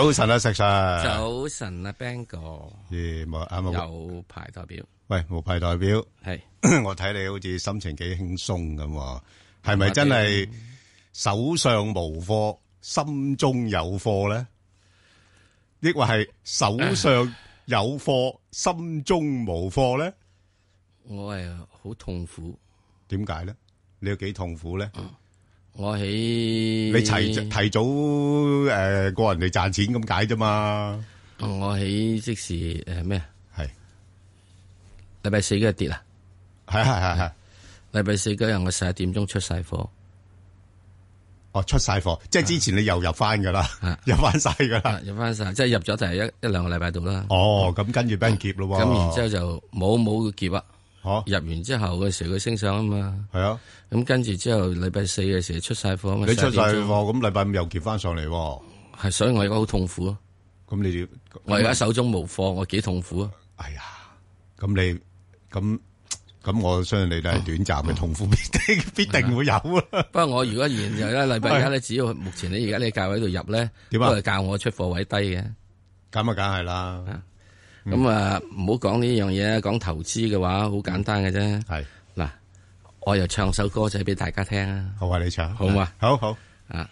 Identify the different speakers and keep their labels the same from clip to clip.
Speaker 1: 早晨啊，石 Sir！早
Speaker 2: 晨啊，Bang
Speaker 1: 哥。咦，冇啊冇。有排代表？喂，無排代表。係，我睇你好似心情幾輕鬆咁，係咪真係手上無貨，心中有貨咧？抑或係手上有貨，心中無貨咧？我係好痛苦。點解咧？你有幾痛苦咧？我喺你提提早誒過人哋賺錢咁解啫嘛。我喺即時誒咩？係禮拜四嗰日跌啦。係係
Speaker 2: 係係禮拜四嗰日我十一點鐘出晒貨。哦，出晒貨，即係之前你又入翻噶啦，入翻晒噶啦，入翻晒，即係入咗就係一一兩個禮拜度啦。哦，
Speaker 1: 咁跟住俾人劫咯。咁然之後
Speaker 2: 就冇冇劫啊。入完之後嘅時候佢升上啊嘛，係啊，咁跟住之後禮拜四嘅時候出晒貨嘛，你出晒貨，咁禮拜
Speaker 1: 五又結翻上嚟，係，所以我而家好痛苦啊。咁你我而家手中無貨，我幾痛苦啊。哎呀，咁你咁咁我相信你都係短暫嘅痛苦，必定必定會有啊。
Speaker 2: 不過我如果現在咧禮拜一家咧，只要目前你而家你教位喺度入咧，都係教我出貨位低嘅，咁啊，梗係啦。咁啊，唔好講呢樣嘢啊。講、嗯、投資嘅話，好簡單嘅啫。係嗱是，我又唱首歌仔俾大家聽嗎啊！嗯、好，好、就是、啊，你唱好嘛？好好啊。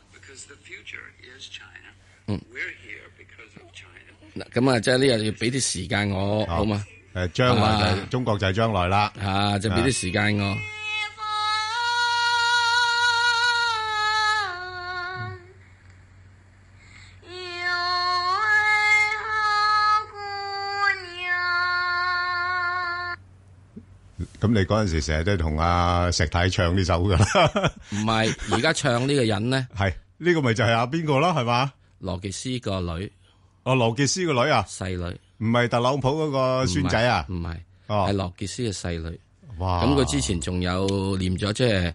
Speaker 2: 嗯。嗱，咁啊，即係呢又要俾啲時間我，好嘛？誒，將來就係中國就係將來啦。啊，就係俾啲時間我。
Speaker 1: 咁你嗰陣時成日都同阿石太唱呢首噶啦， 唔係而家唱呢個人咧，係呢、 呢個咪就係阿邊個啦，係嘛？羅杰斯個女，哦羅杰斯個女啊，細女，唔係特朗普嗰個孫仔啊，唔係，係羅杰斯嘅細女，哇！咁佢之前
Speaker 2: 仲有念咗即係。就是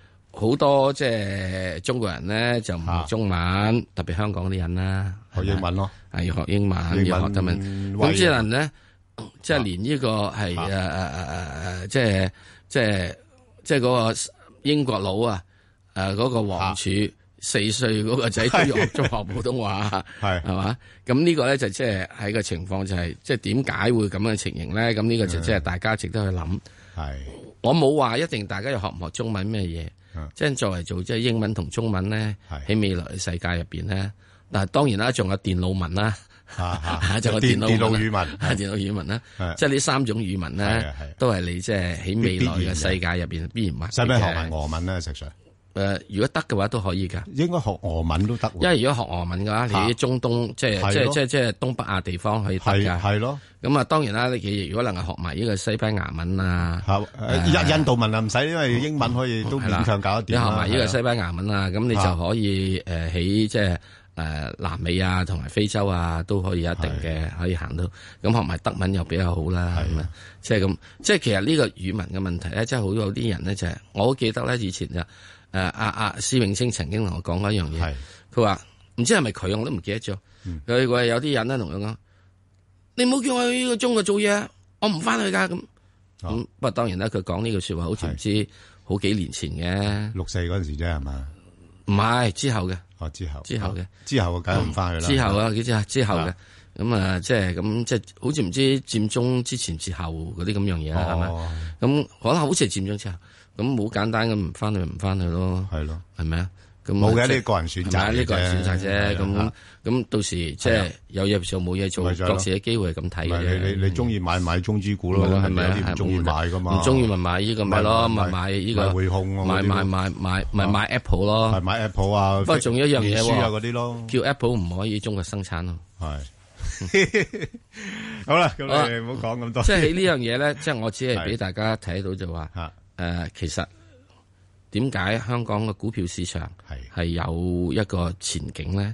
Speaker 2: 好多即係中國人咧就唔中文，特別香港啲人啦，學英文咯，係要學英文，要學英文。咁啲人咧，即係連呢個係誒誒誒誒，即係即係即係嗰個英國佬啊，誒嗰個皇儲四歲嗰個仔都要學中學普通話，係係嘛？咁呢個咧就即係喺個情況就係，即係點解會咁嘅情形咧？咁呢個就即係大家值得去諗。係我冇話一定大家要學唔學中文咩嘢。即係作為做即係英文同中文咧，喺未來世界入邊咧，但當然啦，仲有電腦文啦，吓吓，仲有電腦電腦語文吓，電腦語文啦，即係呢三種語文咧，都係你即係喺未來嘅世界入邊必然問。使咩學埋俄文咧？石水。誒，如果得嘅話都可以噶，以應該
Speaker 1: 學俄文都得，因為如果學
Speaker 2: 俄文嘅話，喺中東、啊、即係的即係即係即係東北亞地方可以睇係咯。咁啊，當然啦，你如果能夠學埋呢個西班牙文啊，好，印
Speaker 1: 印度文啊唔使，因為英文可以都勉強搞掂，嗯嗯。你學埋呢個西
Speaker 2: 班牙文啊，咁吧你就可以誒喺即係誒南美啊，同埋非洲啊，都可以一定嘅的可以行到。咁學埋德文又比較好啦，係即係咁，即係其實呢個語文嘅問題咧，即係好有啲人咧就係、是，我記得咧以前就。誒，阿阿施永青曾經同我講過一樣嘢，佢話唔知係咪佢，我都唔記得咗。佢話有啲人咧同佢講，你唔好叫我呢個中國做嘢，我唔翻去噶。咁咁，不過當然啦，佢講呢句說話好似唔知好幾年前嘅，六四嗰陣時啫係嘛？唔係之後嘅，哦之後之後嘅之後嘅梗係唔翻去啦。之後啊，幾隻啊之後嘅，咁啊即係咁即係好似唔知佔中之前之後嗰啲咁樣嘢係嘛？咁可能好似係佔中之後。咁好簡單咁唔翻去就唔翻去咯，係咯，係咪？咁冇嘅，呢個個人選擇，呢個人選擇啫。咁咁到時即係有嘢做冇嘢做，當時嘅
Speaker 1: 機會係咁睇嘅。你你中意買買中資股咯？係咪？唔中意買噶嘛？唔中意咪買呢個咪咯？咪買呢個會買買買咪買 Apple 咯？買 Apple 啊！不過仲有一樣嘢，
Speaker 2: 叫 Apple 唔可以中國生產
Speaker 1: 咯。係。好啦，我哋唔好講咁多。即係喺呢
Speaker 2: 樣嘢咧，即係我只係俾大家睇到就話。誒，其實點解香港嘅股票市場係有一個前景咧？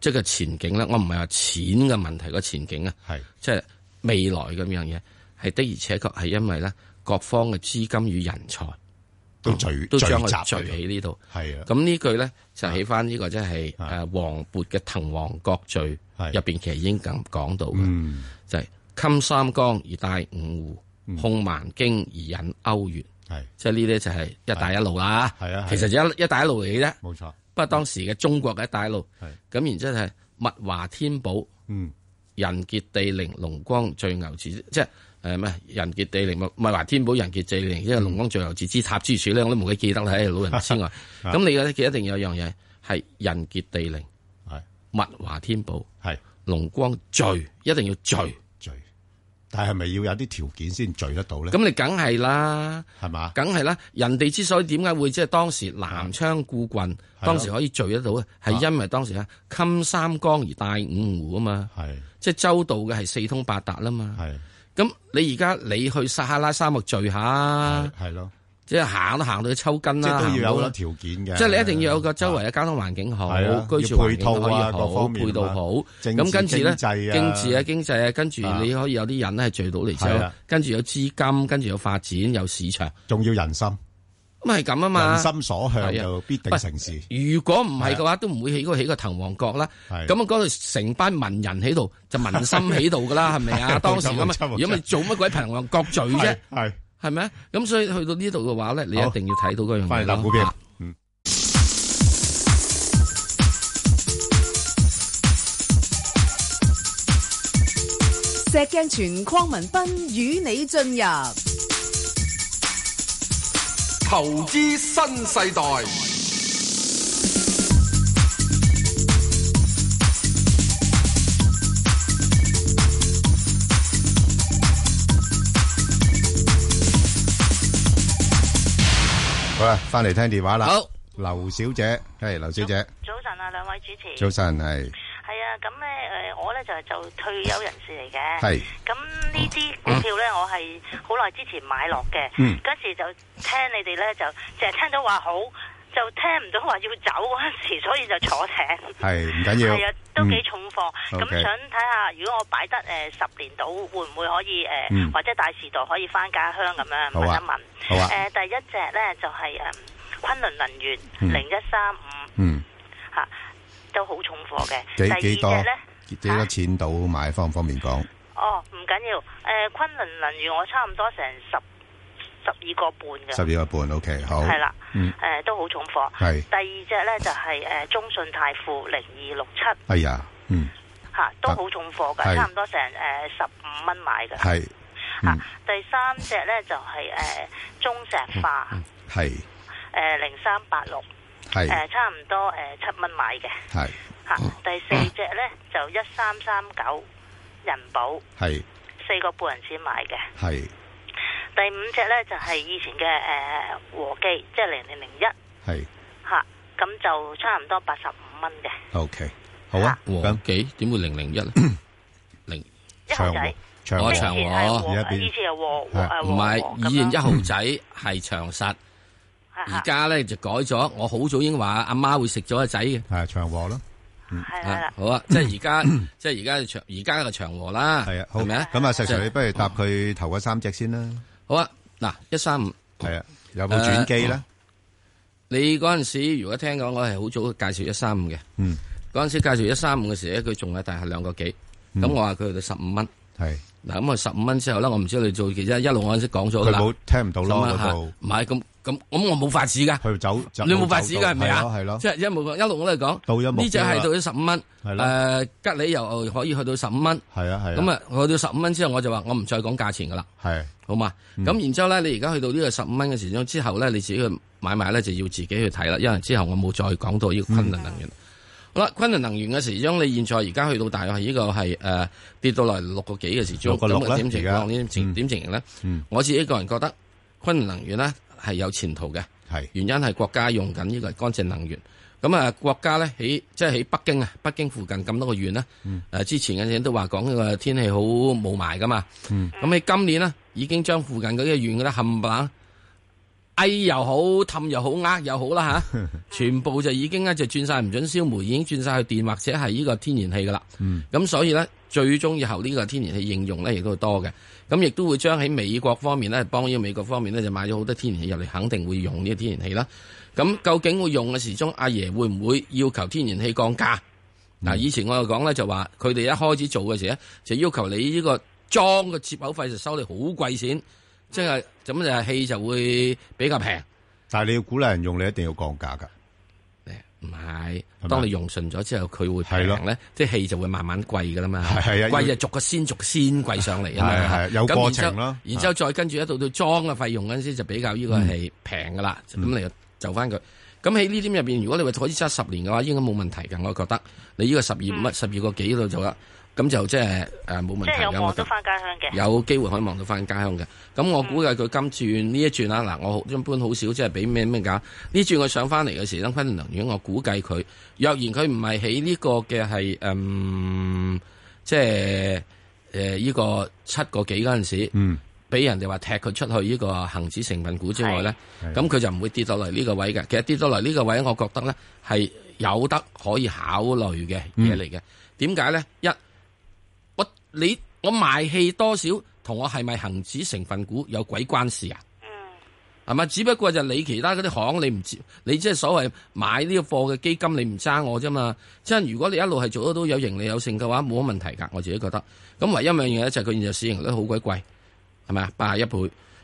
Speaker 2: 即係個前景咧，我唔係話錢嘅問題個前景啊，係是即係未來咁樣嘢，係的而且確係因為咧各方嘅資金與人才都聚罪，都將佢聚喺呢度。係啊，咁呢的句咧就起翻呢、這個的即係誒王勃嘅《滕王閣序》入邊其實已經咁講到嘅，就係、是、襟三江，江，江而帶五湖。控萬經而引歐元，係是即係呢啲就係一帶一路啦。係啊的，其實就一一帶一路嚟嘅啫。冇錯錯，不過當時嘅中國嘅一帶一路，係咁的然之後係物華天寶，
Speaker 3: 嗯，
Speaker 2: 人傑地靈，龍光最牛池，即係誒咩？人傑地靈，物物華天寶，人傑地靈，因為龍光最牛池之塔之處咧，我都冇記記得啦。老人之外，咁 你咧，佢一定有一樣嘢係人傑地靈，係物華天寶，係龍光聚，一定要聚。但係咪要有啲條件先聚得到咧？咁你梗係啦，係嘛吧？梗係啦，人哋之所以點解會即係當時南昌故郡，的當時可以聚得到啊，係的因為當時啊襟三江而帶五湖啊嘛，係的即係周到嘅係四通八達啦嘛，係咁的你而家你去撒哈拉沙漠聚下，係咯的。的即係行都行到抽筋啦，都要有好多條件嘅，即係你一定要有個周圍嘅交通環境好，居住環境可以好，配套好。咁跟住咧，經濟啊，經濟啊，跟住你可以有啲人咧聚到嚟，跟住有資金，跟住有發展，
Speaker 1: 有市場，仲要人心。
Speaker 2: 咁係咁啊嘛，人心所向就必定成事。如果唔係嘅話，都唔會喺嗰度起個滕王閣啦。咁啊，嗰度成班文人喺度，就民心喺度噶啦，係咪啊？當時咁如果咪做乜鬼滕王閣聚啫？.係咪啊？咁所以去到呢度嘅話咧，好你一定要睇到嗰樣嘢咯。翻嚟打股票，啊嗯、
Speaker 4: 石鏡泉鄺文斌與你進入
Speaker 2: 投資新世代。
Speaker 1: 好啦，翻嚟聽電話啦。好，劉小姐，係劉小姐。
Speaker 5: 早晨啊，兩位主持。早晨，係。係啊，咁咧，誒、呃，我咧就就退休人士嚟嘅。係。咁呢啲股票咧，嗯、我係好耐之前買落嘅。嗯。嗰時就聽你哋咧，就淨係聽到話好。就聽唔到話要走嗰陣時，所以就坐艇。係，唔緊要。係啊，都幾重貨，咁、嗯、想睇下，如果我擺得誒十、呃、年到，會唔會可以誒，呃嗯、或者大時代可以返家鄉咁樣問一問。好啊。誒、啊呃，第一隻咧就係誒昆侖能源零一三五，嗯嚇、嗯嗯呃，都好重貨嘅。第二幾，幾多？隻
Speaker 1: 呢幾多錢到買？啊、方唔方便講？
Speaker 5: 哦，唔緊要。誒、呃，昆侖能源我差唔多成十。二個半嘅，十二個
Speaker 1: 半，OK，好係啦，
Speaker 5: 誒都好重貨。係第二隻咧就係誒中信泰富零二六七，係啊，嗯，吓都好重貨噶，差唔多成誒十五蚊買嘅。係
Speaker 1: 吓
Speaker 5: 第三隻咧就係誒中石化，係誒零三八六，係誒差唔多誒七蚊買嘅。係吓第四隻咧就一三三九人保，係四個半人子買嘅，係。第五隻咧
Speaker 2: 就係以前嘅誒和記，即係零零零一，係吓咁就差唔多八十五蚊嘅。O K，好啊，和記點會零零一咧？零長和，長和以前
Speaker 5: 係和，以前係和和誒和和。以前一
Speaker 2: 號仔係長實，
Speaker 3: 而家
Speaker 2: 咧就改咗。我好早已經話阿媽會
Speaker 1: 食咗個仔嘅，係長和咯，係啦，好啊，即係而家，即係而家長，而家個長和啦，係啊，好啊，咁啊，石錘，不如搭佢頭嗰三隻先啦。好啊，嗱一三五係啊，有冇轉機咧？
Speaker 2: 你嗰陣時如果聽講，我係好早介紹一三五嘅，嗯，嗰陣時介紹一三五嘅時候咧，佢仲係大係兩個幾，咁、嗯、我話佢到十五蚊，係嗱咁啊，十五蚊之後咧，我唔知你做其他一路我先講咗佢冇，聽唔到咯，唔係咁。那個咁咁我冇法子噶，你冇法子噶係咪啊？係咯，即係一路一六我都係講，呢隻係到咗十五蚊。係咯，誒，吉利又可以去到十五蚊。係啊係。咁啊，去到十五蚊之後，我就話我唔再講價錢噶啦。係，好嘛。咁然之後咧，你而家去到呢個十五蚊嘅時鐘之後咧，你自己去買賣咧就要自己去睇啦。因為之後我冇再講到呢個昆侖能源。好啦，昆侖能源嘅時鐘，你現在而家去到大約係呢個係誒跌到落嚟六個幾嘅時鐘。六個六咧。點情況？點情點情形咧？我自己個人覺得昆侖能源咧。係有前途嘅，係是原因係國家用緊呢個乾淨能源。咁啊，國家咧喺即係喺北京啊，北京附近咁多個縣咧，誒、嗯啊，之前嘅嘢，都話講呢個天氣好霧霾噶嘛。咁喺、嗯、今年呢，已經將附近嗰啲縣嘅啲冚唪冷、誒又好，氹又好，呃又好啦吓，全部就已經咧就轉晒唔准燒煤，已經轉晒去電或者係呢個天然氣噶啦。咁、嗯、所以呢，最終以後呢個天然氣應用咧，亦都會多嘅。咁亦都會將喺美國方面咧，幫依美國方面咧就買咗好多天然氣入嚟，肯定會用呢啲天然氣啦。咁究竟會用嘅時鐘，阿爺，爺會唔會要求天然氣降價？嗱、嗯，以前我有講咧，就話佢哋一開始做嘅時候咧，就要求你呢個裝嘅接口費就收你好貴錢，嗯、即係咁就係氣就會比較平。
Speaker 1: 但係你要鼓勵人用，你一定要降價㗎。唔係，當你用順咗之後，佢會平咧，即係氣就會慢慢貴噶啦嘛。貴
Speaker 2: 就的逐個先逐個先貴上嚟啊嘛。有過程咯然之後，然之後再跟住一度到裝嘅費用嗰陣時就比較呢個係平噶啦。咁你、嗯、就翻佢。咁喺呢啲入邊，如果你話可以執十年嘅話，應該冇問題嘅。我覺得你呢個十二五十二個幾度就得。咁就即係誒，冇問題㗎，有機會可以望到翻家鄉
Speaker 3: 嘅。有
Speaker 2: 機會可以望到翻家鄉嘅。咁我估計佢今轉呢一轉啦，嗱，啊，我什麼什麼一般好少即係俾咩咩價。呢轉佢上翻嚟嘅時，新坤能源，我估計佢若然佢唔係喺呢個嘅係誒，即係誒依個七個幾嗰陣時，
Speaker 3: 嗯，
Speaker 2: 俾人哋話踢佢出去呢個恆指成分股之外咧，咁佢是就唔會跌到嚟呢個位嘅。其實跌到嚟呢個位，我覺得咧係有得可以考慮嘅嘢嚟嘅。點解咧？一,一你我賣氣多少同我係咪恒指成分股有鬼關事啊？係咪？只不過就你其他嗰啲行你唔知。你即係所謂買呢個貨嘅基金你唔揸我啫嘛？即係如果你一路係做得到有盈利有剩嘅話，冇乜問題噶。我自己覺得咁唯一一樣嘢就係佢現在市盈率好鬼貴，係咪啊？八十一倍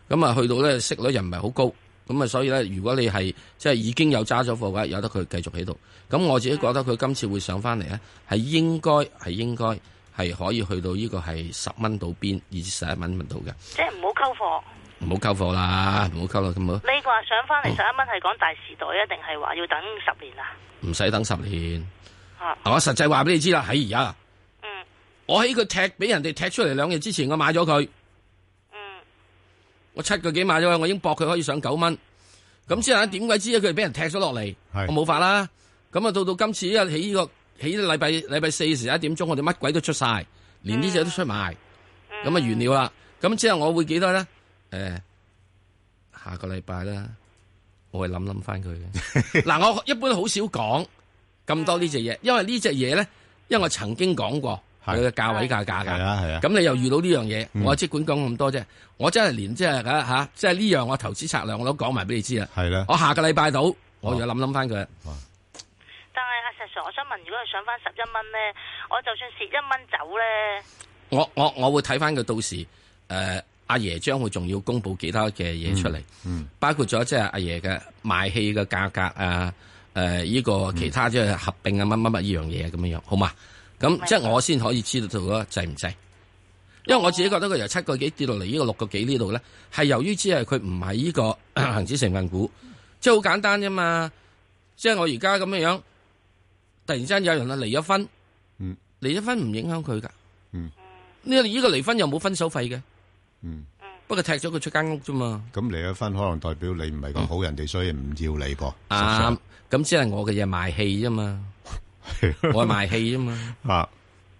Speaker 2: 咁啊，去到咧息率又唔係好高，咁啊，所以咧如果你係即係已經有揸咗貨嘅話，由得佢繼續喺度。咁我自己覺得佢今次會上翻嚟咧，係應該係應該。係可以去到呢個係十蚊到邊以至十一蚊搵到嘅，即係唔好溝貨，唔好溝貨啦，唔好溝啦咁好。你話上翻嚟十
Speaker 5: 一蚊係講大時代
Speaker 2: 啊，定係話要等十年啊？唔使等十年。啊！我實際話俾你知啦，喺而家，嗯，我喺佢踢俾人哋踢出嚟兩日之前，我買咗佢，嗯，我七個幾買咗佢，我已經搏佢可以上九蚊。咁之後咧，點鬼知咧，佢俾人踢咗落嚟，我冇法啦。咁啊，到到今次依日起呢個。起禮拜禮拜四十一點鐘，我哋乜鬼都出晒，連呢隻都出埋，咁啊完了啦。咁之後我會幾多咧？誒、欸，下個禮拜啦，我會諗諗翻佢嘅。嗱， 我一般好少講咁多呢隻嘢，因為呢隻嘢咧，因為我曾經講過佢嘅價位價價噶。係啊係啊。咁、啊啊、你又遇到呢樣嘢，我即管講咁多啫、嗯啊啊就是。我真係連即係吓，即係呢樣我投資策略我都講埋俾你知啊。係啦。我下個禮拜到，我又諗諗翻佢。我想問，如果佢上翻十一蚊咧，我就算蝕一蚊走咧。我我我會睇翻佢到時，誒、呃，阿爺將會仲要公布其他嘅嘢出嚟，嗯嗯、包括咗即係阿爺嘅賣氣嘅價格啊，誒、啊，依、這個其他即係合併啊，乜乜乜呢樣嘢咁樣樣，好嘛？咁、嗯、即係我先可以知道到嗰個值唔值，因為我自己覺得佢由七個幾跌落嚟呢個六個幾呢度咧，係由於只係佢唔係呢個恒指、嗯、 成分股，即係好簡單啫嘛，即係我而家咁樣樣。突然之間有人啊離咗婚，離咗婚唔影響佢噶，呢個呢個離婚又冇分手費嘅，不過踢咗佢出間屋啫嘛。
Speaker 1: 咁離咗婚可能代表你唔係咁好，人哋所以唔要你噃。啊，咁只係我嘅嘢賣
Speaker 2: 氣啫嘛，我賣氣啫嘛。啊，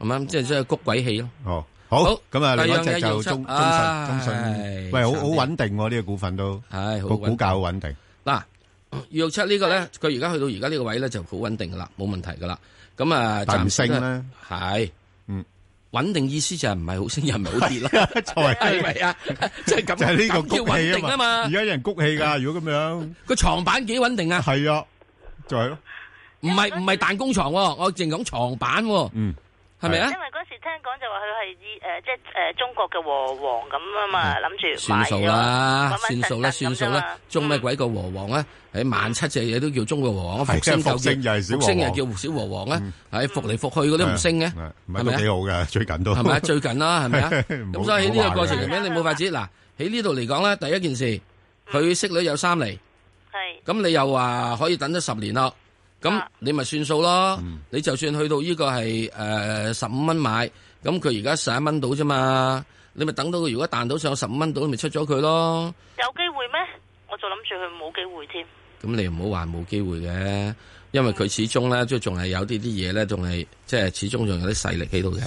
Speaker 2: 啱唔啱？即係即係谷鬼氣咯。哦，
Speaker 1: 好，咁啊另一隻就中中信，喂，好好穩定，呢個股份都係個股價好穩定。
Speaker 2: 嗱。二六七呢個咧，佢而家去到而家呢個位咧就好穩定噶啦，冇問題噶啦。咁啊，彈性咧，係嗯穩定意思就係唔係好升又唔係好跌啦，就
Speaker 4: 係係啊，即係咁就係呢個谷穩定啊嘛。而家
Speaker 1: 有人谷氣噶，如果咁樣個床板幾穩定啊？係啊，就係咯，
Speaker 2: 唔係唔係彈弓床，我淨講床板，嗯，係咪啊？因為嗰時聽
Speaker 5: 講就話佢係以誒即係誒中國嘅和王咁啊嘛，諗住算數啦，
Speaker 2: 算數啦，算數啦，仲咩鬼個和王咧？喺萬七隻嘢都叫中國王，復升就叫，復升又叫小和王咧。喺復嚟復去嗰啲唔升嘅，係咪幾好
Speaker 1: 嘅？最近都係咪最
Speaker 2: 近啦？係咪啊？咁所以喺呢個過程入面，你冇法子。嗱，喺呢度嚟講咧，第一件事，佢息率有三釐，咁你又話可以等咗十年咯，咁你咪算數咯。你就算去到呢個係誒十五蚊買，咁佢而家十一蚊到啫嘛，你咪等到佢如果彈到上十五蚊到，咪出咗佢咯。有機會咩？
Speaker 5: 我就諗住佢冇機會添。
Speaker 2: 咁你唔好話冇機會嘅，因為佢始終咧，即仲係有啲啲嘢咧，仲係即係始終仲有啲勢力喺度嘅，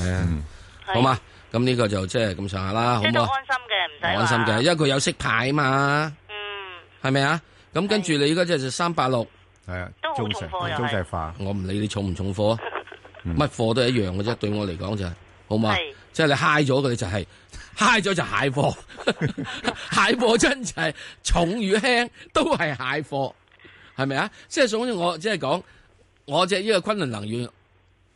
Speaker 2: 好嘛？咁呢個就即係咁上下啦，好啊。即安
Speaker 3: 心嘅，唔使安心嘅，
Speaker 2: 因為佢有色牌啊嘛。嗯，係咪啊？咁跟住你依家即係就三八六，係啊，都好重貨又、就係、我唔理你重唔重貨，乜貨、嗯、都係一樣嘅啫。對我嚟講就係、是，好嘛？即係是你嗨咗佢，h 就係、是、嗨咗就蟹貨， 蟹貨真就係重與輕都係蟹貨。係咪啊？即係總之，我即係講我隻呢個昆崙能源，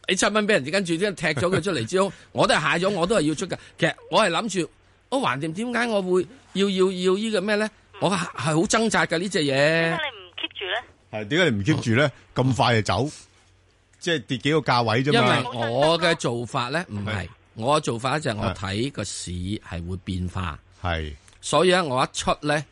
Speaker 2: 你七蚊俾人哋，跟住即係踢咗佢出嚟之後， 我都係下咗，我都係要出噶。其實我係諗住，我橫掂點解我會要要要個呢個咩咧？
Speaker 1: 我係好掙扎噶、這個、呢隻嘢。點解你唔 keep 住咧？係點解你唔 keep 住咧？咁快就走，即係跌幾個價位啫嘛。因為我嘅做法咧，唔係是我嘅做
Speaker 2: 法咧就係我睇個市係會變化，係是是所以咧我一出咧。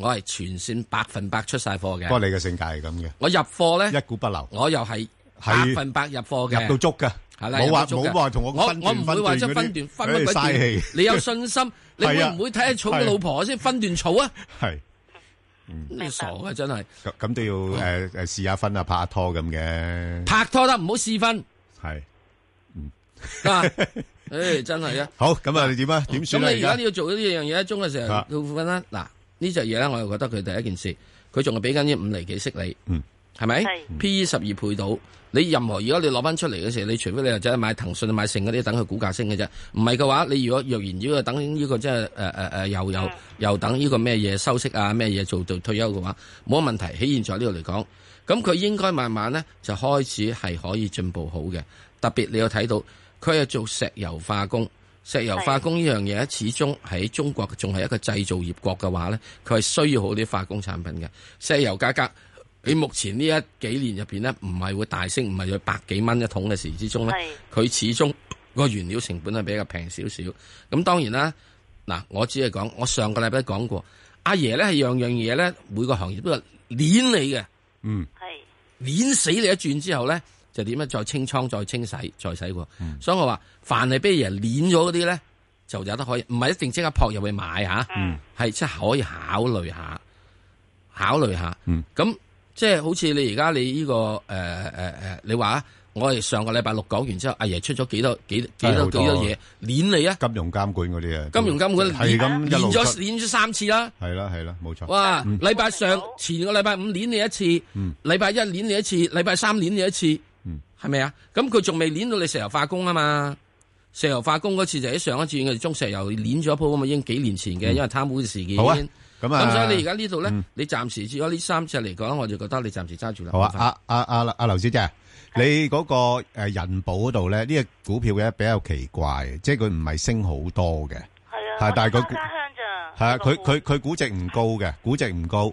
Speaker 2: 我係全線百分百出晒貨嘅，不過你
Speaker 1: 嘅性格係咁嘅。
Speaker 2: 我入貨咧，一股不留，我又係百分百入貨嘅，入到足嘅，冇話冇話同我分段分嗰啲。你有信
Speaker 1: 心，你會唔會
Speaker 2: 睇下草嘅老婆先分段草啊？
Speaker 1: 係，嗯，傻嘅真係。咁咁都要誒誒試下分啊，拍下拖咁嘅。拍拖得唔好試分。係，嗯，啊，誒，真係啊。好，咁啊，你點啊？點算啊？咁你而
Speaker 2: 家要做呢樣嘢，一中嘅時候做股份啦。嗱。呢隻嘢咧，我又覺得佢第一件事，佢仲係俾緊啲五厘幾息你，
Speaker 3: 嗯，
Speaker 2: 係咪？P E 十二倍到，你任何如果你攞翻出嚟嘅時候，你除非你又真係買騰訊、買成嗰啲等佢股價升嘅啫，唔係嘅話，你如果若然要等呢、這個即係誒誒誒又又的又等呢個咩嘢收息啊咩嘢做到退休嘅話，冇問題。喺現在呢度嚟講，咁佢應該慢慢咧就開始係可以進步好嘅，特別你有睇到佢係做石油化工。石油化工呢樣嘢，始終喺中國仲係一個製造業國嘅話咧，佢係需要好啲化工產品嘅。石油價格喺目前呢一幾年入邊咧，唔係會大升，唔係有百幾蚊一桶嘅時之中咧，佢始終個原料成本係比較平少少。咁當然啦，嗱，我只係講，我上個禮拜講過，阿爺咧係樣樣嘢咧，每個行業都係碾你嘅，嗯，碾死你一轉之後咧。就點樣再清倉、再清洗、再洗喎？所以我話，凡係俾人捏咗嗰啲咧，就有得可以，唔係一定即刻撲入去買嚇，係真係可以考慮下，考慮下。咁即係好似你而家你呢個誒誒誒，你話啊，我哋上個禮拜六講完之後，阿爺出咗幾多幾幾多幾多嘢捏
Speaker 1: 你啊？金融監管嗰啲啊，金
Speaker 2: 融監管係咁咗捏咗三次啦，
Speaker 1: 係啦係啦，冇錯。哇！
Speaker 2: 禮拜上前個禮拜五捏你一次，禮拜一捏你一次，禮拜三捏你一次。係咪啊？咁佢仲未捻到你石油化工啊嘛？石油化工嗰次就喺上一次中石油捻咗一鋪啊嘛，已經幾年前嘅，因為貪污事件、嗯。好啊，咁、嗯、啊。咁、嗯、所以你而家呢度咧，你暫時接咗呢三隻嚟講，我就覺得你暫時揸住啦。好啊，阿
Speaker 1: 阿阿阿劉小姐，你嗰個誒人保嗰度咧，呢、這、隻、個、股票嘅比較奇怪，即係佢唔係升好多嘅。係啊，係但係佢家鄉咋？係啊，佢佢佢估值唔高嘅，估值唔高。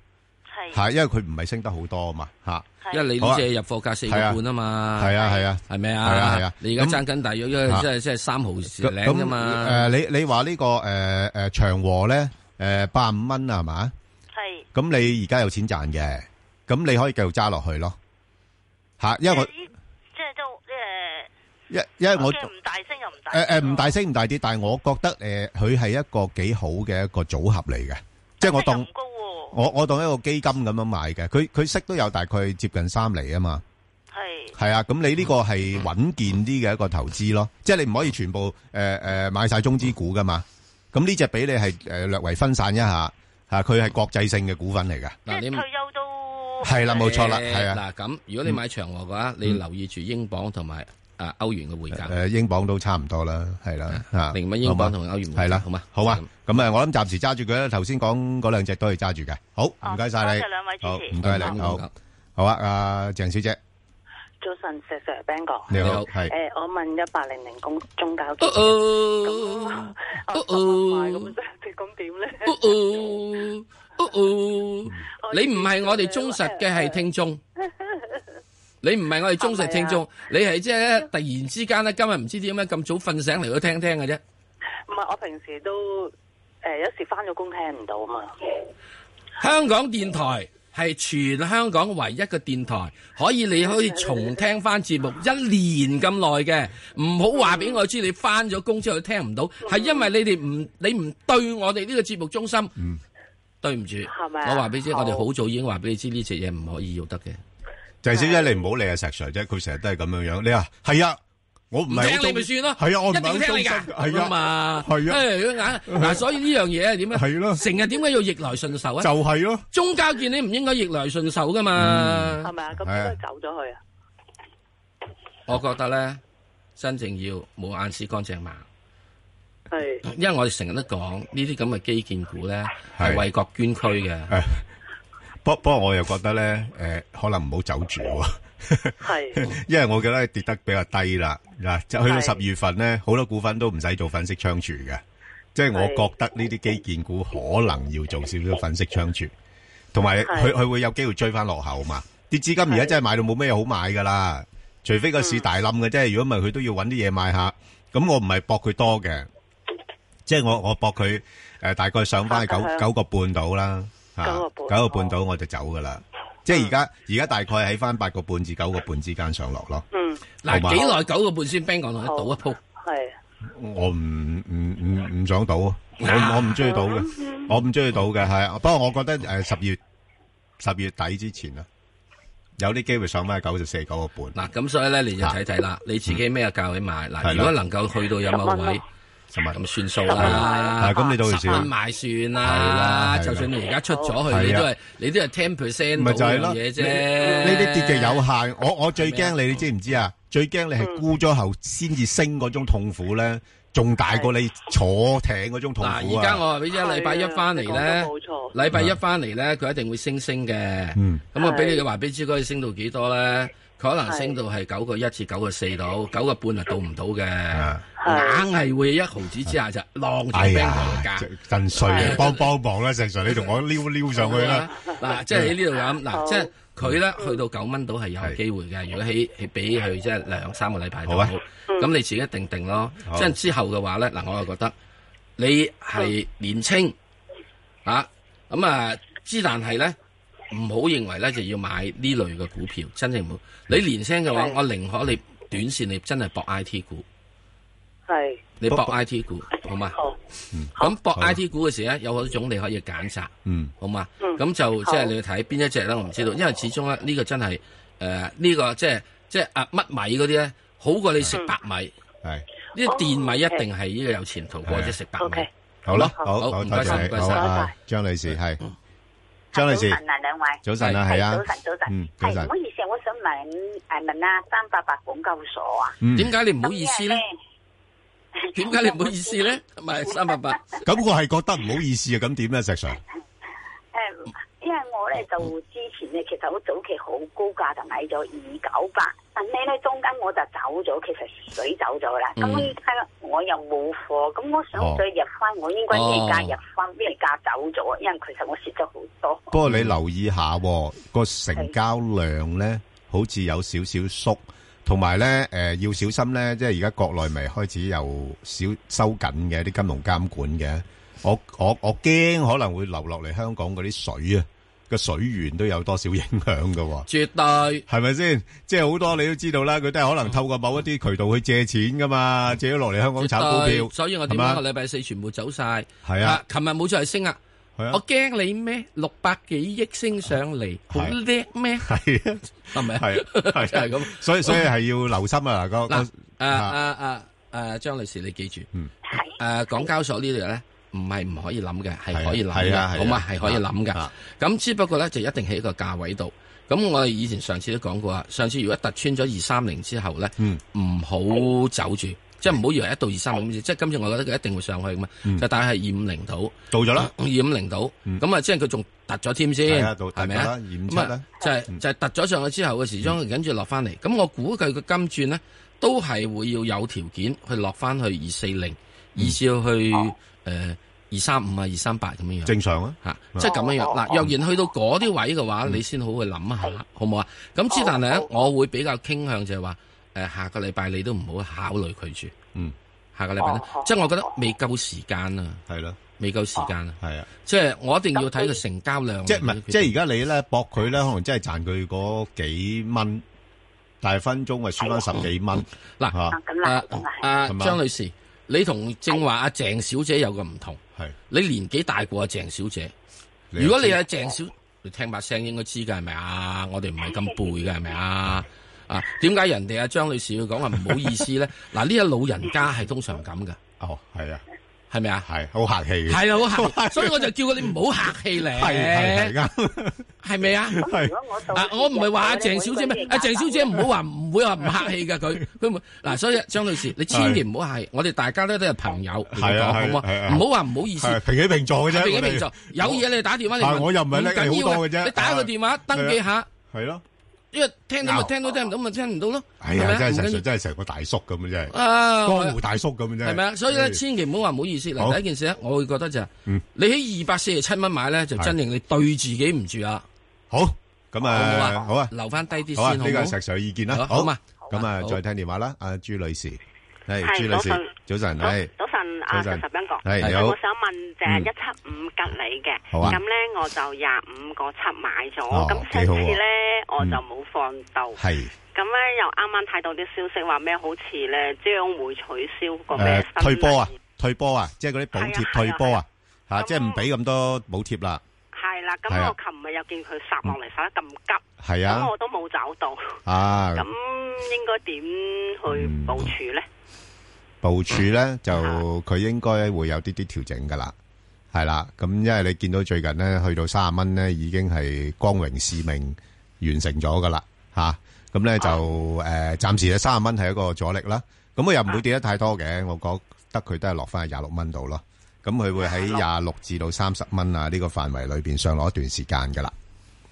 Speaker 1: 係，因為佢唔係升得好多啊嘛，吓，因為你呢隻入貨價四半啊嘛，係啊係啊，係咪啊？係啊，你
Speaker 2: 而家爭緊大約因為即係即係三毫市領啊嘛。誒，你
Speaker 1: 你話呢個誒誒長和咧誒八十五蚊啊嘛？係。咁你而家有錢賺嘅，咁你可以繼續揸落去咯。吓，因為我即係都即係一，因為我
Speaker 5: 即係
Speaker 1: 唔大升又唔大。誒誒，唔大升唔大跌，但係我覺得誒，佢係一個幾好嘅一個組合嚟嘅，即係我當。我我當一個基金咁樣買嘅，佢佢息都有大概接近三厘啊嘛，係係是啊，咁你呢個係穩健啲嘅一個投資咯，即係你唔可以全部誒誒、呃、買晒中資股噶嘛，咁呢隻俾你係誒略為分散一下吓，佢係國際性嘅股份嚟噶，嗱你退休都係啦，冇錯啦，係啊，嗱
Speaker 2: 咁、嗯、如果你買長和嘅話，嗯、你留意
Speaker 1: 住英鎊同埋，啊，歐元嘅匯價，誒，英鎊都差唔多啦，係啦，零蚊英鎊同歐元匯，係啦，好嘛，好啊，咁啊，我諗暫時揸住佢啦，頭先講嗰兩隻都係揸住嘅。好，唔該晒你，好，兩位主持，唔該你，好，好啊，阿鄭小姐，早晨，石石
Speaker 4: Ben 哥，你好，係，誒，我問一百零零公中交，哦哦哦哦，咁即係你講點咧？哦
Speaker 2: 哦，你唔係我哋忠實嘅係聽眾。你唔係我哋忠實聽眾，你係即係咧突然之間咧，今日唔知點解咁早瞓醒嚟，到聽聽嘅啫。唔係，
Speaker 4: 我平時都誒，有時翻咗工聽唔
Speaker 2: 到嘛。香港電台係全香港唯一嘅電台，可以你可以重聽翻節目一年咁耐嘅，唔好話俾我知你翻咗工之後聽唔到，係因為你哋唔你唔對我哋呢個節目中心，
Speaker 1: 對
Speaker 2: 唔住，係咪？我話俾你知，我哋好
Speaker 1: 早已經話俾你知呢隻嘢唔可以要得嘅。鄭小姐，你唔好理阿石 Sir 啫，佢成日都係咁樣樣。你啊，係啊，我唔係聽你咪算咯，係啊，我唔肯聽你噶係啊嘛，係啊，眼
Speaker 2: 嗱，所以呢樣嘢係點樣啊？係咯，成日點解要逆來順受啊？就係咯，中交建你唔應該逆來順受噶嘛，係
Speaker 5: 咪啊？咁應該走咗去啊。
Speaker 2: 我覺得咧，真正要冇眼屎乾淨嘛，係，因為我哋成日都講呢啲咁嘅基建股咧係為國捐軀嘅。
Speaker 1: 不，不過我又覺得咧，誒、呃，可能唔好走住喎、啊。 係，因為我覺得跌得比較低啦。嗱，就去到十月份咧，好多股份都唔使做粉飾倉儲嘅。即係我覺得呢啲基建股可能要做少少粉飾倉儲，同埋佢佢會有機會追翻落後嘛。啲資金而家真係買到冇咩好買噶啦，除非個市大冧嘅啫。如果唔係，佢都要揾啲嘢買下。咁我唔係博佢多嘅，即係我我博佢誒大概上翻九九個半到啦。九個半，九個半到我就走噶啦，即係而家而家大概喺翻八個半至九個半之間上落咯。嗯，嗱，幾耐
Speaker 2: 九個半先冰講落去賭一鋪？係，
Speaker 1: 我唔唔唔唔想賭啊！我我唔中意賭嘅，我唔中意賭嘅係啊。不過我覺得誒，十月十月底之前啊，有啲機會上翻九就四九個半。嗱，咁所以咧，你就睇睇啦，你自己咩價位買？嗱，如果能夠去到有冇位。就咪咁
Speaker 2: 算數啦，係咁你到時十蚊賣算啦。就算你而家出咗去，你都係你都係 ten percent，冇嘢啫。呢啲跌嘅有
Speaker 1: 限，我我最驚你，你知唔知啊？最驚你係沽咗後先至升嗰種痛苦咧，仲大過你坐艇嗰種痛苦啊！嗱，而家我
Speaker 2: 話俾你聽，禮拜一翻嚟咧，禮拜一翻嚟咧，佢一定會升升嘅。嗯，咁我俾你嘅話俾朱哥升到幾多咧？可能升到係九個一至九個四度，九個半啊，到唔到嘅，硬係會一毫子之下就落
Speaker 1: 住冰河噶。真衰嘅，幫幫忙啦！石 Sir，你同我撩撩上去啦。
Speaker 2: 嗱，即係喺呢度咁，嗱，即係佢咧去到九蚊度係有機會嘅。如果喺係俾佢即係兩三個禮拜，好啊。咁你自己一定定咯。即係之後嘅話咧，嗱，我又覺得你係年青嚇，咁啊之，但係咧。唔好認為咧就要買呢類嘅股票，真正唔好。你年輕嘅話，我寧可你短線你真係博 I T 股。係。
Speaker 3: 你博 I T
Speaker 2: 股好嘛？好。咁博 I T 股嘅時咧，有好多種你可以揀擇。嗯。好嘛。嗯。咁就即係你要睇邊一隻咧？我唔知道，因為始終咧呢個真係誒呢個即係即係啊乜米嗰啲咧，好過你食白米。係。呢啲電米一定係呢個有前途過
Speaker 5: 者食白米。好啦。
Speaker 1: 好。好唔該晒，唔該曬，張女士係。張女士，早晨啊，
Speaker 5: 係啊，早晨早晨，係唔好意思，我想問，誒，問下三八八研究所
Speaker 2: 啊，點解你唔好意思咧？
Speaker 5: 點解你唔好意思咧？唔係三
Speaker 2: 八八，
Speaker 1: 咁我係覺得唔好意思啊，咁點咧，石 Sir？
Speaker 5: 因為我咧就之前咧，其實好早期好高價就買咗二九八，但係咧中間我就走咗，其實水走咗啦。咁我依家我又冇貨，咁我想再入翻，哦、我應該咩價入翻？咩價、哦、走咗？因為其實我蝕咗好多。不過你
Speaker 1: 留意下，個、嗯啊、成交量咧好似有少少縮，同埋咧誒要小心咧，即係而家國內咪開始有少收緊嘅啲金融監管嘅。我我我驚可能會流落嚟香港嗰啲水啊，個水源都有多少影響噶？絕對，係咪先？即係好多你都知道啦，佢都係可能透過某一啲渠道去借錢噶嘛，借咗落嚟香港炒股票。所以我點樣個禮
Speaker 2: 拜四全部走晒？係啊，琴日冇再升啊。我驚你咩？六百幾億
Speaker 1: 升上嚟，好叻咩？係啊，係咪？係啊，係就係咁。所以所以係要留心啊嗱嗱，誒
Speaker 2: 誒誒誒，張女士你記住，嗯，係誒港交所呢度咧。唔係唔可以諗嘅，係可以諗嘅，咁啊係可以諗嘅。咁只不過咧就一定喺個價位度。咁我哋以前上次都講過啊，上次如果突穿咗二三零之後咧，唔好走住，即係唔好以為一到二三零，即係今次我覺得佢一定會上去嘅嘛。就但係二五零到到咗啦，二五零到，咁啊即係佢仲突咗添先，係咪啊？咁啊，就係就係突咗上去之後嘅時鐘，跟住落翻嚟。咁我估計佢金轉咧，都係會要有條件去落翻去二四零，而是要去。誒，二三五啊，二三八咁樣樣，正常啊，吓，即係咁樣樣。嗱，若然去到嗰啲位嘅話，你先好去諗下，好唔好啊？咁之但係我會比較傾向就係話，誒，下個禮拜你都唔好考慮佢住。嗯，下個禮拜咧，即係我覺得未夠時間啊。係咯，未夠時間啊。係啊，即係我一定要睇個成交量。即係而
Speaker 1: 家你咧博佢咧，可能真係賺佢嗰幾蚊，但係分鐘咪輸翻十幾蚊。嗱，啊啊張女士。你同正話阿鄭
Speaker 2: 小姐有個唔同，係是你年紀大過阿、啊、鄭小姐。你就 如果你阿、啊、鄭小，哦、你聽把聲應該知㗎，係咪啊？我哋唔係咁背㗎，係咪啊？ 啊，點解人哋阿、啊、張女士要講話唔好意思咧？嗱、 啊，呢個老人家係通常咁㗎。哦，係啊。
Speaker 1: 係咪啊？係好客氣嘅。係啊，好
Speaker 2: 客，所以我就叫佢你唔好客氣咧。係係係，係咪啊？係。啊，我唔係話啊鄭小姐咩，啊鄭小姐唔好話唔會話唔客氣噶。佢佢唔嗱，所以張女士，你千祈唔好係。我哋大家咧都係朋友嚟講，好唔好？唔好話唔好意思，平
Speaker 1: 起平坐嘅啫。平起平坐，有嘢你打電話嚟問。我又唔係，唔緊要嘅啫，你打個電話登記下。係咯。
Speaker 2: 因為聽到咪聽到，聽唔到咪聽唔到咯，係啊，真係石尚
Speaker 1: 真係成個大叔咁嘅啫，江湖大叔咁嘅啫，係咪啊？所以咧，
Speaker 2: 千祈唔好話唔好意思。嗱，第一件事，我會覺得就，嗯，你喺二百四十七蚊買咧，就真令你對自己唔住
Speaker 1: 啊。好，咁啊，好啊，留翻低啲先。好，呢個係石尚有意見啦。好嘛，咁啊，再聽電話啦，阿朱女士。係朱女士，早晨，早晨，早晨，阿十一哥，
Speaker 4: 係好，我想問誒一七五吉利嘅，咁咧我就廿五個七買咗，咁上次咧我就冇放到，係，咁咧又啱啱睇到啲消息話咩？好似咧將會取消個咩退波啊，
Speaker 1: 退波啊，即係嗰啲補貼退波啊，吓，即係唔俾咁多補貼啦，
Speaker 4: 係啦，咁我琴日又見佢殺落嚟，殺得咁急，係啊，咁我都冇找到，
Speaker 1: 啊，咁
Speaker 4: 應該點去部署咧？
Speaker 1: 部署咧、嗯、就佢應該會有啲啲調整噶啦，係啦，咁因為你見到最近咧去到卅蚊咧已經係光榮使命完成咗噶啦，吓，咁咧就誒暫時咧卅蚊係一個阻力啦，咁佢又唔會跌得太多嘅，啊、我覺得佢都係落翻去廿六蚊度咯，咁佢會喺廿六至到三十蚊啊呢個範圍裏邊上落一段時間噶啦，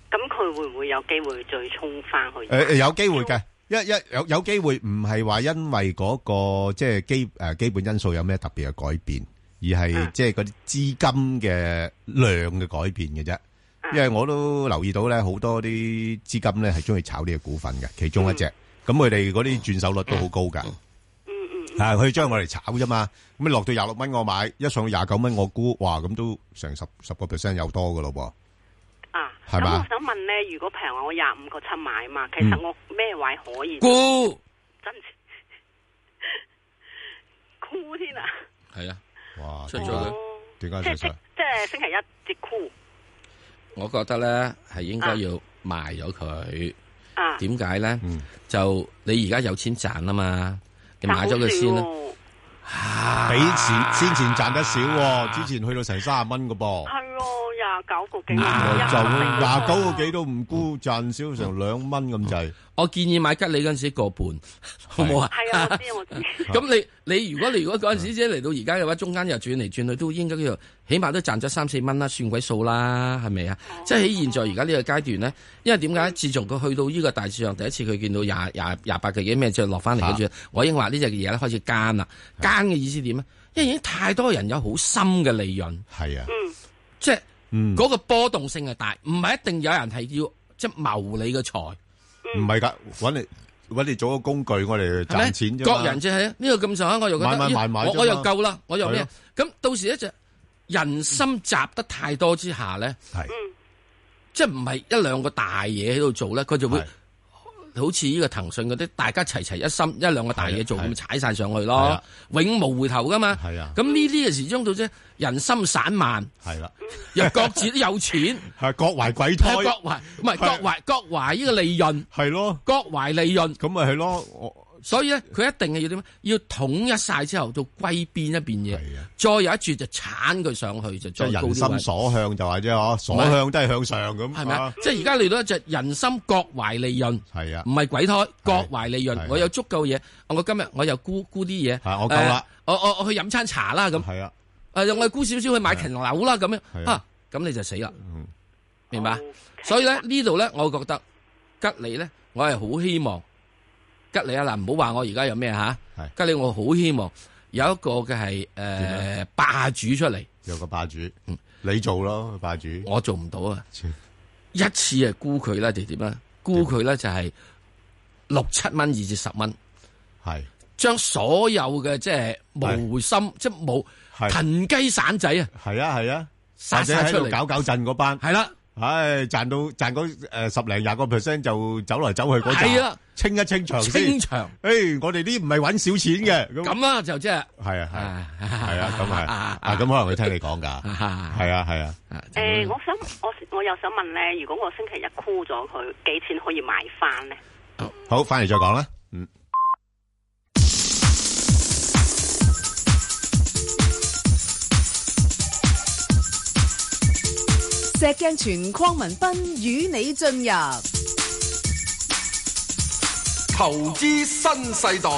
Speaker 4: 咁佢、嗯、會唔會有機會再衝翻
Speaker 1: 去？誒、呃呃、有機會嘅。一一有有機會，唔係話因為嗰個即係基誒基本因素有咩特別嘅改變，而係即係嗰啲資金嘅量嘅改變嘅啫。因為我都留意到咧，好多啲資金咧係中意炒呢個股份嘅，其中一隻。咁佢哋嗰啲轉手率都好高㗎。嗯嗯，係佢將我哋炒啫嘛。咁你落到廿六蚊我買，一上到廿九蚊我沽，哇！咁都成十十個 percent 有多嘅咯喎。
Speaker 4: 啊，咁吧我想問咧，如果平話我廿五個七買嘛，其實我咩位可以？沽、嗯，真沽的 添啊！
Speaker 3: 係啊，哇，
Speaker 2: 出咗佢？點解出即係
Speaker 4: 即係星期一即沽。
Speaker 2: 我覺得咧係應該要賣咗佢。啊，
Speaker 5: 點
Speaker 2: 解咧？嗯、就你而家有
Speaker 1: 錢賺啦嘛，你買咗佢先比前先前賺得少喎。哦，之前去到成三十蚊嘅噃，係哦廿九個幾蚊啊，廿九 個幾個都唔估，嗯、賺少成兩蚊咁滯。好我建議買吉利嗰陣時個半，
Speaker 2: 好唔好啊？係啊的，啊
Speaker 3: 我知。咁、 啊、 你
Speaker 2: 你如果你如果嗰陣時嚟到而家嘅話，中間又轉嚟轉去，都應該叫做起碼都賺咗三四蚊啦，算鬼數啦，係咪啊？即係喺現在而家呢個階段呢，因為點解自從佢去到呢個大市上，第一次佢見到廿廿廿八個幾咩就落翻嚟，跟住我認為呢隻嘢咧開始奸啦， 嘅意思點咧？因為已經太多人有好深嘅利潤，係啊，即係嗰個波動性係大，唔係，嗯、一定有人係要即係謀你嘅財，
Speaker 1: 唔係噶，搵你搵你做一個工具，我哋賺錢啫嘛。各人即係
Speaker 2: 呢個咁上下，我又覺得買買買買我，我又夠啦，我又咩？咁、啊、到時一隻人心集得太多之下咧，係是，是即係唔係一兩個大嘢喺度做咧，佢就會。是好似呢個騰訊嗰啲，大家齊齊一心一兩個大嘢做，咁踩晒上去咯，永無回頭噶嘛。咁呢啲嘅時鐘到啫，人心散漫，係啦，又各自都有錢，係各懷鬼胎，各懷唔係各懷各懷呢個利潤，係咯，各懷利潤，咁咪係咯我。所以咧，佢一定係要點樣？要統一晒之後，到歸邊一邊嘢，再有一注就鏟佢上去，就即係人心所
Speaker 1: 向就係啫嗬，所向都係向上
Speaker 2: 咁。係咪啊？即係而家嚟到一隻人心各懷利潤，係啊，唔係鬼胎各懷利潤，我有足夠嘢，我今日我又沽沽啲嘢，我夠啦，我我我去飲餐茶啦咁，係啊，誒，我沽少少去買層樓啦咁樣，吓，咁你就死啦，明白？所以咧呢度咧，我覺得吉利咧，我係好希望。吉利啊！嗱，唔好話我而家有咩吓？係吉利，我好希望有一個嘅係誒霸主出嚟。有個霸主，嗯，你做咯霸主。我做唔到啊！一次係估佢啦，定點咧？估佢咧就係六七蚊二至十蚊，係將所有嘅即係無心即係冇騰
Speaker 1: 雞散仔啊！係啊，係啊，殺晒出嚟搞搞震嗰班。係啦。係賺到賺誒十零廿個 percent 就走來走去嗰陣，清一清場先。清場，誒，我哋啲唔係搵少錢嘅。咁啊，就即係，係啊，係啊，咁係啊，咁可能會聽你講㗎，係啊，係啊。誒，我想我
Speaker 4: 我又想問咧，如果我星期日沽咗佢，幾錢可以買翻咧？
Speaker 1: 好，翻嚟，再講啦。
Speaker 4: 石鏡泉鄺文斌與你進入
Speaker 2: 投資新世代。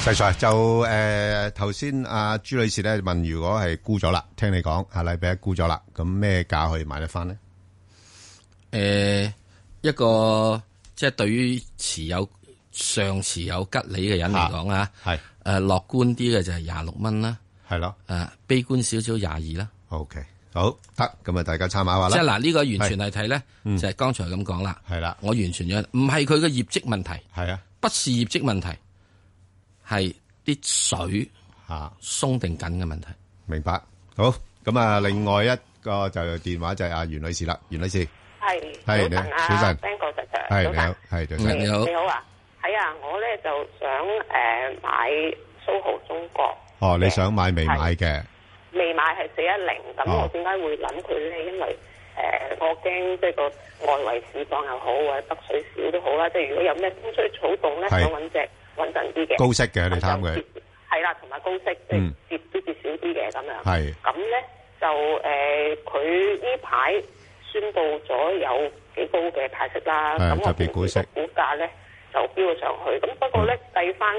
Speaker 1: 細帥 就誒，頭先阿朱女士咧問：如果係沽咗啦，聽你講下禮拜一沽咗啦，咁咩價可以買得翻呢？」誒，一個
Speaker 2: 即係對於持有上持有吉利嘅人嚟講啊，係誒樂觀啲嘅就係廿六蚊啦，係咯的，誒、呃、悲觀少少廿二啦。O、okay. K，好得咁啊，大家參考
Speaker 1: 下啦。即係嗱，呢、這個完全
Speaker 2: 係睇咧，是就係剛才咁講啦。係啦、嗯，我完全咁，唔係佢嘅業績問題，係啊的，不是業績問題，係
Speaker 1: 啲水吓鬆定緊嘅問題。啊、明白好咁啊、嗯。另外一個就電話就係、是、阿袁女士啦，袁女士。
Speaker 4: 係小陳啊 b a n 你好，你好啊，係啊，我咧就想誒買 SOHO 中國。
Speaker 1: 哦，你想買未買嘅？
Speaker 4: 未買係四一零，咁我點解會諗佢咧？因為誒我驚即係個外圍市況又好或者北水少都好啦，即係如果有咩風吹草動咧，想搵隻穩陣啲嘅。高息嘅你貪佢。係啦，同埋高息，嗯，跌都跌少啲嘅咁樣。係。咁咧就誒佢呢排。宣布咗有幾高嘅派息啦，咁特別
Speaker 1: 股息，
Speaker 3: 的我
Speaker 4: 哋股價咧就飆咗上去。咁不過咧、嗯、計翻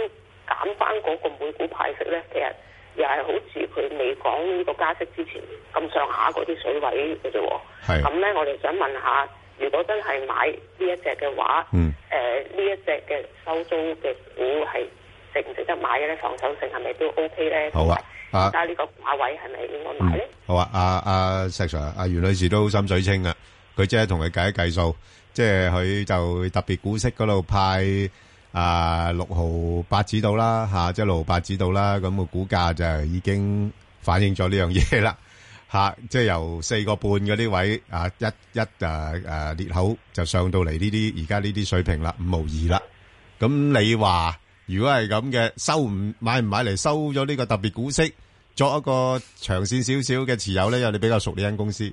Speaker 4: 減翻嗰個每股派息咧，其實又係好似佢未講呢個加息之前咁上下嗰啲水位嘅啫。咁咧的我哋想問下，如果真係買呢一隻嘅話，誒呢、嗯呃、一隻嘅收租嘅股係值唔值得買嘅咧？防守性係咪都 O K 咧？好啊。啊！呢個
Speaker 1: 價位係咪應該買咧？好啊！阿阿石 Sir、阿袁女士都好心水清啊！佢即係同佢計一計數，即係佢就特別股息嗰度派啊六毫八子度啦，吓即係六毫八子度啦，咁個股價就已經反映咗呢樣嘢啦，吓即係由四個半嗰啲位啊一一誒誒裂口就上到嚟呢啲而家呢啲水平啦，五毫二啦。咁你話？如果係咁嘅，收唔買唔買嚟收咗呢個特別股息，作一個長線少少嘅持有咧，因為你比較熟呢間公司，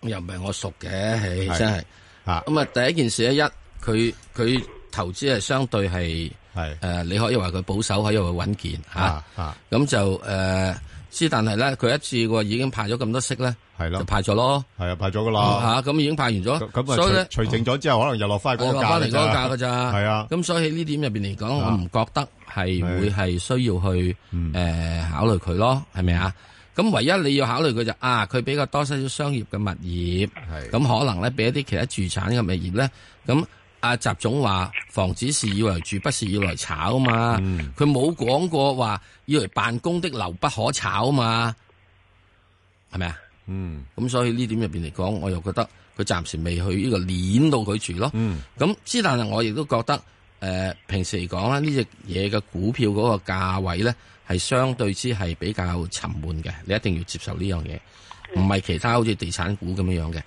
Speaker 1: 又唔係我熟嘅，唉真
Speaker 2: 係，啊，咁啊第一件事咧，一佢佢投資係相對係係誒，你可以話佢保守，可以話穩健吓，啊，咁就誒。是，但係咧，佢一次過已經派咗咁多息咧，係啦、嗯，派咗咯，係啊，派咗噶啦，吓咁已經派完咗，咁啊，除淨咗之後，可能又落翻一個價，落翻嚟嗰個價噶咋，係啊，咁的所以呢點入邊嚟講，的我唔覺得係會係需要去誒的、呃、考慮佢咯，係咪啊？咁、嗯、唯一你要考慮佢就是、啊，佢比較多一些商業嘅物業，係咁可能咧，俾一啲其他住產嘅物業咧，咁。嗯阿習總話：房子是以為住，不是以為來炒嘛。佢冇講過話以為辦公的樓不可炒嘛，係咪啊？嗯。咁所以呢點入邊嚟講，我又覺得佢暫時未去呢個鏈到佢住咯。嗯。咁之但係我亦都覺得，誒、呃，平時嚟講咧，呢隻嘢嘅股票嗰個價位咧，係相對之係比較沉悶嘅。你一定要接受呢樣嘢，唔係其他好似地產股咁樣樣嘅。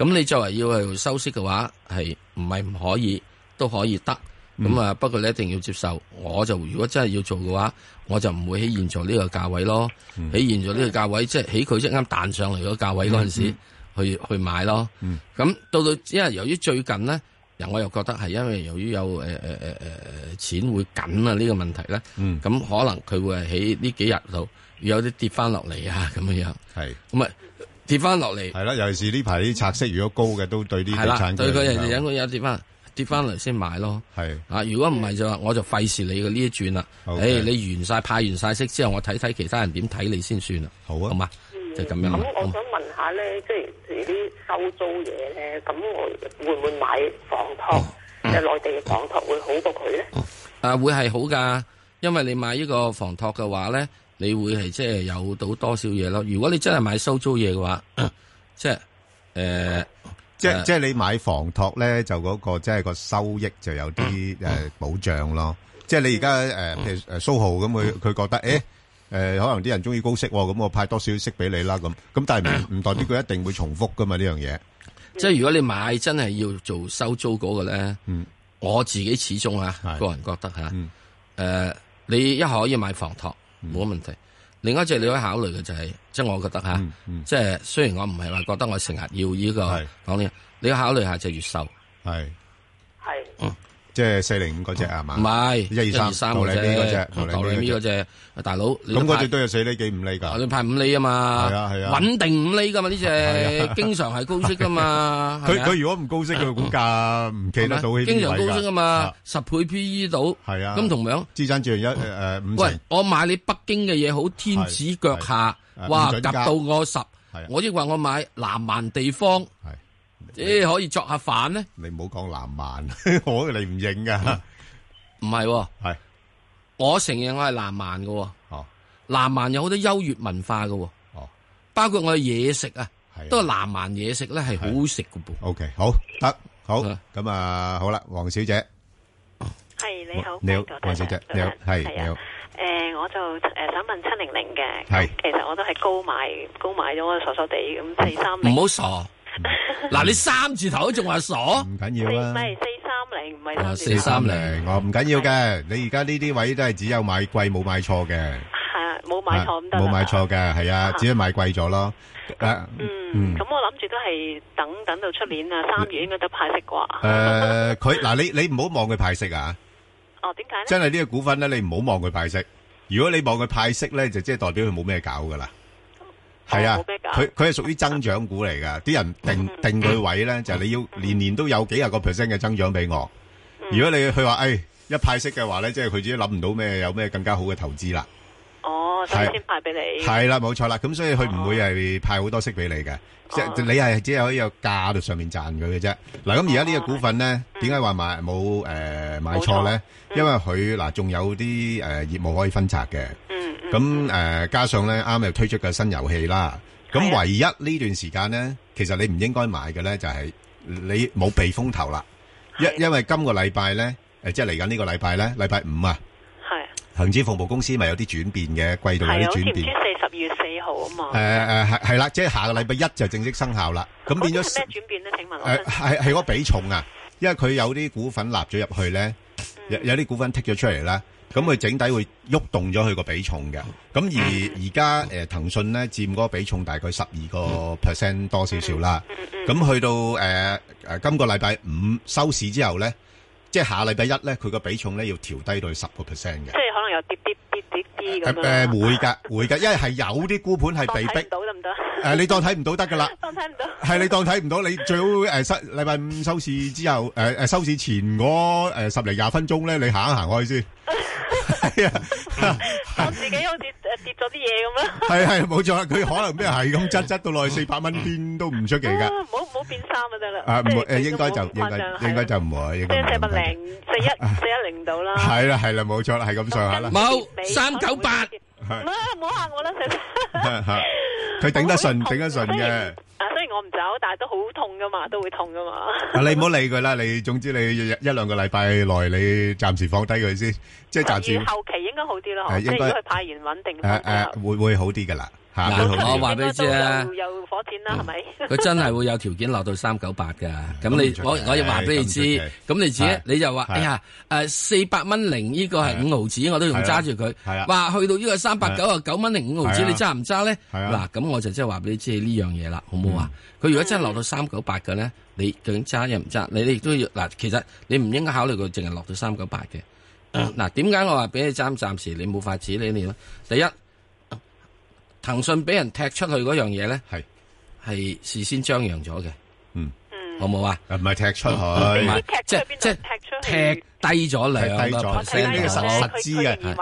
Speaker 2: 咁你作為要係收息嘅話，係唔係唔可以都可以得，咁啊，不過你一定要接受。我就如果真係要做嘅話，我就唔會喺現在呢個價位咯，喺現在呢個價位，即係喺佢即啱彈上嚟嗰個價位嗰陣時去去買咯。咁到到，因為由於最近咧，又我又覺得係因為由於有誒誒誒誒誒錢會緊啊呢個問題咧，咁可能佢會喺呢幾日度要有啲跌翻落嚟啊咁樣樣。係咁啊。
Speaker 1: 跌翻落嚟，係啦，尤其是呢排啲拆息如果高嘅，都對啲地產股。係啦，對佢
Speaker 2: 有有跌翻跌翻嚟先買咯。係啊，如果唔係就話，我就費事你嘅呢一轉啦。誒，你完晒派完晒息之後，我睇睇其他人點睇你先算啦。好啊，好嘛，就咁樣。咁我想問下咧，即係你
Speaker 4: 啲收租嘢咧，咁我會唔會買房託？即係內地嘅房託會
Speaker 2: 好過佢咧？啊，會係好噶，因為你買呢個房託嘅話咧。你會係即係有到多少嘢咯？如果你真係買收租嘢嘅話，
Speaker 1: 即係誒，即係即係你買房託咧、那個，就嗰個即係個收益就有啲誒保障咯。 即係你而家誒，譬、呃、如誒蘇豪咁，佢佢覺得誒，誒、欸呃、可能啲人中意高息，咁、嗯、我派多少息俾你啦。咁咁但係唔代表佢一定會重複噶嘛呢樣嘢。
Speaker 2: 即係如果你買真係要做收租嗰個咧，嗯，我自己始終啊，的個人覺得吓，誒、啊、嗯嗯、你一可以買房託。冇乜、嗯、問題，另一隻你可以考慮嘅就係、是，即、就、係、是、我覺得吓，即係、嗯嗯就是、雖然我唔係話覺得我成日要呢、這個講呢，是你要考慮下就越秀係
Speaker 1: 係嗯。是是 oh. 即係四零五嗰隻係嘛？唔係一二三，牛力啲嗰隻，牛力啲嗰隻。阿大佬，咁嗰隻都有四釐幾五釐㗎？你派五釐啊嘛！係啊係啊，穩
Speaker 2: 定五釐㗎
Speaker 1: 嘛？呢隻經常係高息㗎嘛？佢佢如果唔高息，佢股價唔企得到起點㗎。經常高息㗎嘛？
Speaker 2: 十倍 PE 到係啊！咁同樣資產組合一誒五。喂，我買你北京嘅嘢好，天子腳下話夾到個十，我亦話我買南蠻地方。咦，可以作下飯咧？
Speaker 1: 你唔好講南蠻，
Speaker 2: 我你唔認噶。唔係，係我承認我係南蠻噶。哦，南蠻有好多優越文化噶。哦，包括我嘅嘢食啊，
Speaker 1: 都係南蠻嘢食咧，係好好食噶噃。O K，好，得，好，咁啊，好啦，黃小姐，係你
Speaker 4: 好，你好，黃小姐，
Speaker 1: 你好，係你好。誒，我
Speaker 4: 就誒想問七零零嘅，係，其實我都係高買，高買咗，我傻傻地咁四三年，唔好傻。嗱，你
Speaker 1: 三字頭都仲話傻？唔緊要啦，唔係四三零，唔係三字頭。四三零，我唔緊要嘅。你而家呢啲位都係只有買貴冇買錯嘅。係啊，
Speaker 4: 冇買錯咁得啦。冇買
Speaker 1: 錯嘅，係啊，只係買貴咗咯。嗯，咁
Speaker 4: 我諗住都係等等到出年啊，三
Speaker 1: 月應該得派息啩。誒，佢嗱，你你唔好望佢派息啊。哦，點解咧？真係呢個股份咧，你唔好望佢派息。如果你望佢派息咧，就即係代表佢冇咩搞噶啦。
Speaker 3: 係啊，佢
Speaker 1: 佢係屬於增長股嚟㗎，啲人定定佢位咧，就係、是、你要年年都有幾十個 percent 嘅增長俾我。如果你佢話誒一派息嘅話呢」，即係佢自己諗唔到咩有咩更加好嘅投資啦。
Speaker 3: 哦，所以先派俾你。係啦，
Speaker 1: 冇錯啦，咁所以佢唔會係派好多息俾你嘅。即係你係只係可以有價喺度上面賺佢嘅啫。嗱，咁而家呢個股份咧，點解話買冇誒買錯咧？因為佢嗱仲有啲誒業務可以分拆嘅。嗯，咁誒加上咧啱又推出個新遊戲啦。咁唯一呢段時間咧，其實你唔應該買嘅咧，就係你冇避風頭啦。因因為今個禮拜咧，誒即係嚟緊呢個禮拜咧，禮拜五啊。恒指服務公司咪有啲轉變嘅，季度有啲轉變。係好，
Speaker 3: 條專四十二月四號啊嘛。誒誒係係啦，即係下
Speaker 1: 個禮拜一就正式生效啦。咁變咗咩轉
Speaker 3: 變咧？請問誒係係個
Speaker 1: 比重啊，因為佢有啲股份納咗入去咧，有有啲股份剔咗出嚟啦，咁佢整體會喐動咗佢個比重嘅。咁而而家誒騰訊咧，佔嗰個比重大概十二個 percent 多少少啦。咁去到誒誒今個禮拜五收市之後咧。即係下禮拜一咧，佢個比重咧要調低到十個 percent 嘅。即係可能有跌
Speaker 3: 跌跌跌跌咁樣。誒，會噶，
Speaker 1: 會噶，因為係有啲沽盤係被逼。當睇唔到得唔得？誒，你當睇唔到得噶啦。當睇唔到。係你當睇唔到，你最好誒，收禮拜五收市之後，誒誒，收市前嗰誒十零廿分鐘咧，你行一行開先。
Speaker 3: 係啊，我自己好似跌咗
Speaker 1: 啲嘢咁樣！係係冇錯啦，佢可能咩係咁執執到落去四百蚊，變都唔出奇噶。唔好唔好變三就得啦。啊，唔誒應該就應該應該就唔會，即係四百
Speaker 4: 零四一四一零到啦。係
Speaker 1: 啦係啦，冇錯啦，係咁上下啦。冇
Speaker 4: 三九八。唔好唔
Speaker 1: 好嚇我啦，佢頂得順，頂得順嘅。啊，
Speaker 4: 雖然我唔走，但係都好痛噶嘛，都會痛噶嘛。你唔好
Speaker 1: 理佢啦，你總之你一兩個禮拜內，你暫時放低佢先，即係暫時。後期應該
Speaker 3: 好啲囉，即係如果佢派完穩
Speaker 1: 定，誒誒，會會好啲噶啦。嗱，我話俾你知啊，
Speaker 3: 佢真係
Speaker 2: 會有條件落到三九八噶。咁你我我亦話俾你知，咁你自己你就話，哎呀，誒四百蚊零呢個係五毫子，我都用揸住佢。話去到呢個三百九啊九蚊零五毫子，你揸唔揸咧？嗱，咁我就即係話俾你知呢樣嘢啦，好唔好啊？佢如果真係落到三九八嘅咧，你究竟揸又唔揸？你亦都要嗱，其實你唔應該考慮佢淨係落到三九八嘅。嗱，點解我話俾你揸？暫時你冇法子理你咯。第一。騰訊俾人踢出去嗰樣嘢呢，係是事先張揚咗嘅，嗯，好冇啊？唔係、啊、踢出去，即係、嗯、踢出去。低咗兩，所以呢個實質
Speaker 3: 嘅，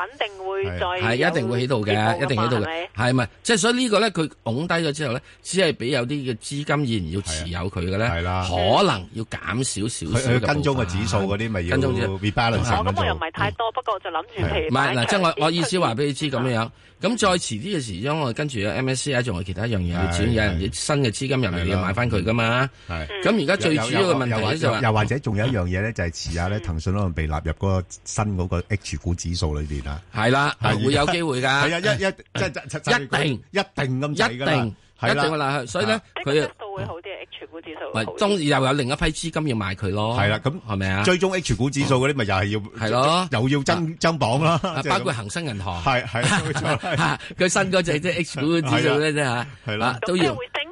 Speaker 3: 係
Speaker 2: 一定會喺度嘅，一定喺度。係咪？係咪？即係所以呢個咧，佢拱低咗之後咧，只係俾有啲嘅資金仍然要持有佢嘅咧，可能要減少少少嘅部分。跟蹤個指數嗰啲咪要？哦，咁我又唔係太多，不過我就諗住譬如嗱，即係我我意思話俾你知咁樣樣。咁再遲啲嘅時鐘，我跟住 MSCI 仲有其他一樣嘢，轉有人新
Speaker 1: 嘅資金入嚟要買翻佢㗎嘛。係。咁而家最主要嘅問題就又或者仲有一樣嘢咧，就係持下咧騰訊咯。被納入嗰個新嗰個 H 股指數裏邊啦，係啦，係會有機會噶，係啊，一一即係一定一定咁，一定一定啦，所以咧佢都會好啲，H 股指數唔係中又有另一批資金要買佢咯，係啦，咁係咪啊？最終 H 股指數嗰啲咪又係要係咯，又要增增榜咯，包括恒生銀行係係，佢新嗰隻即係 H 股指數咧，即係係啦，都要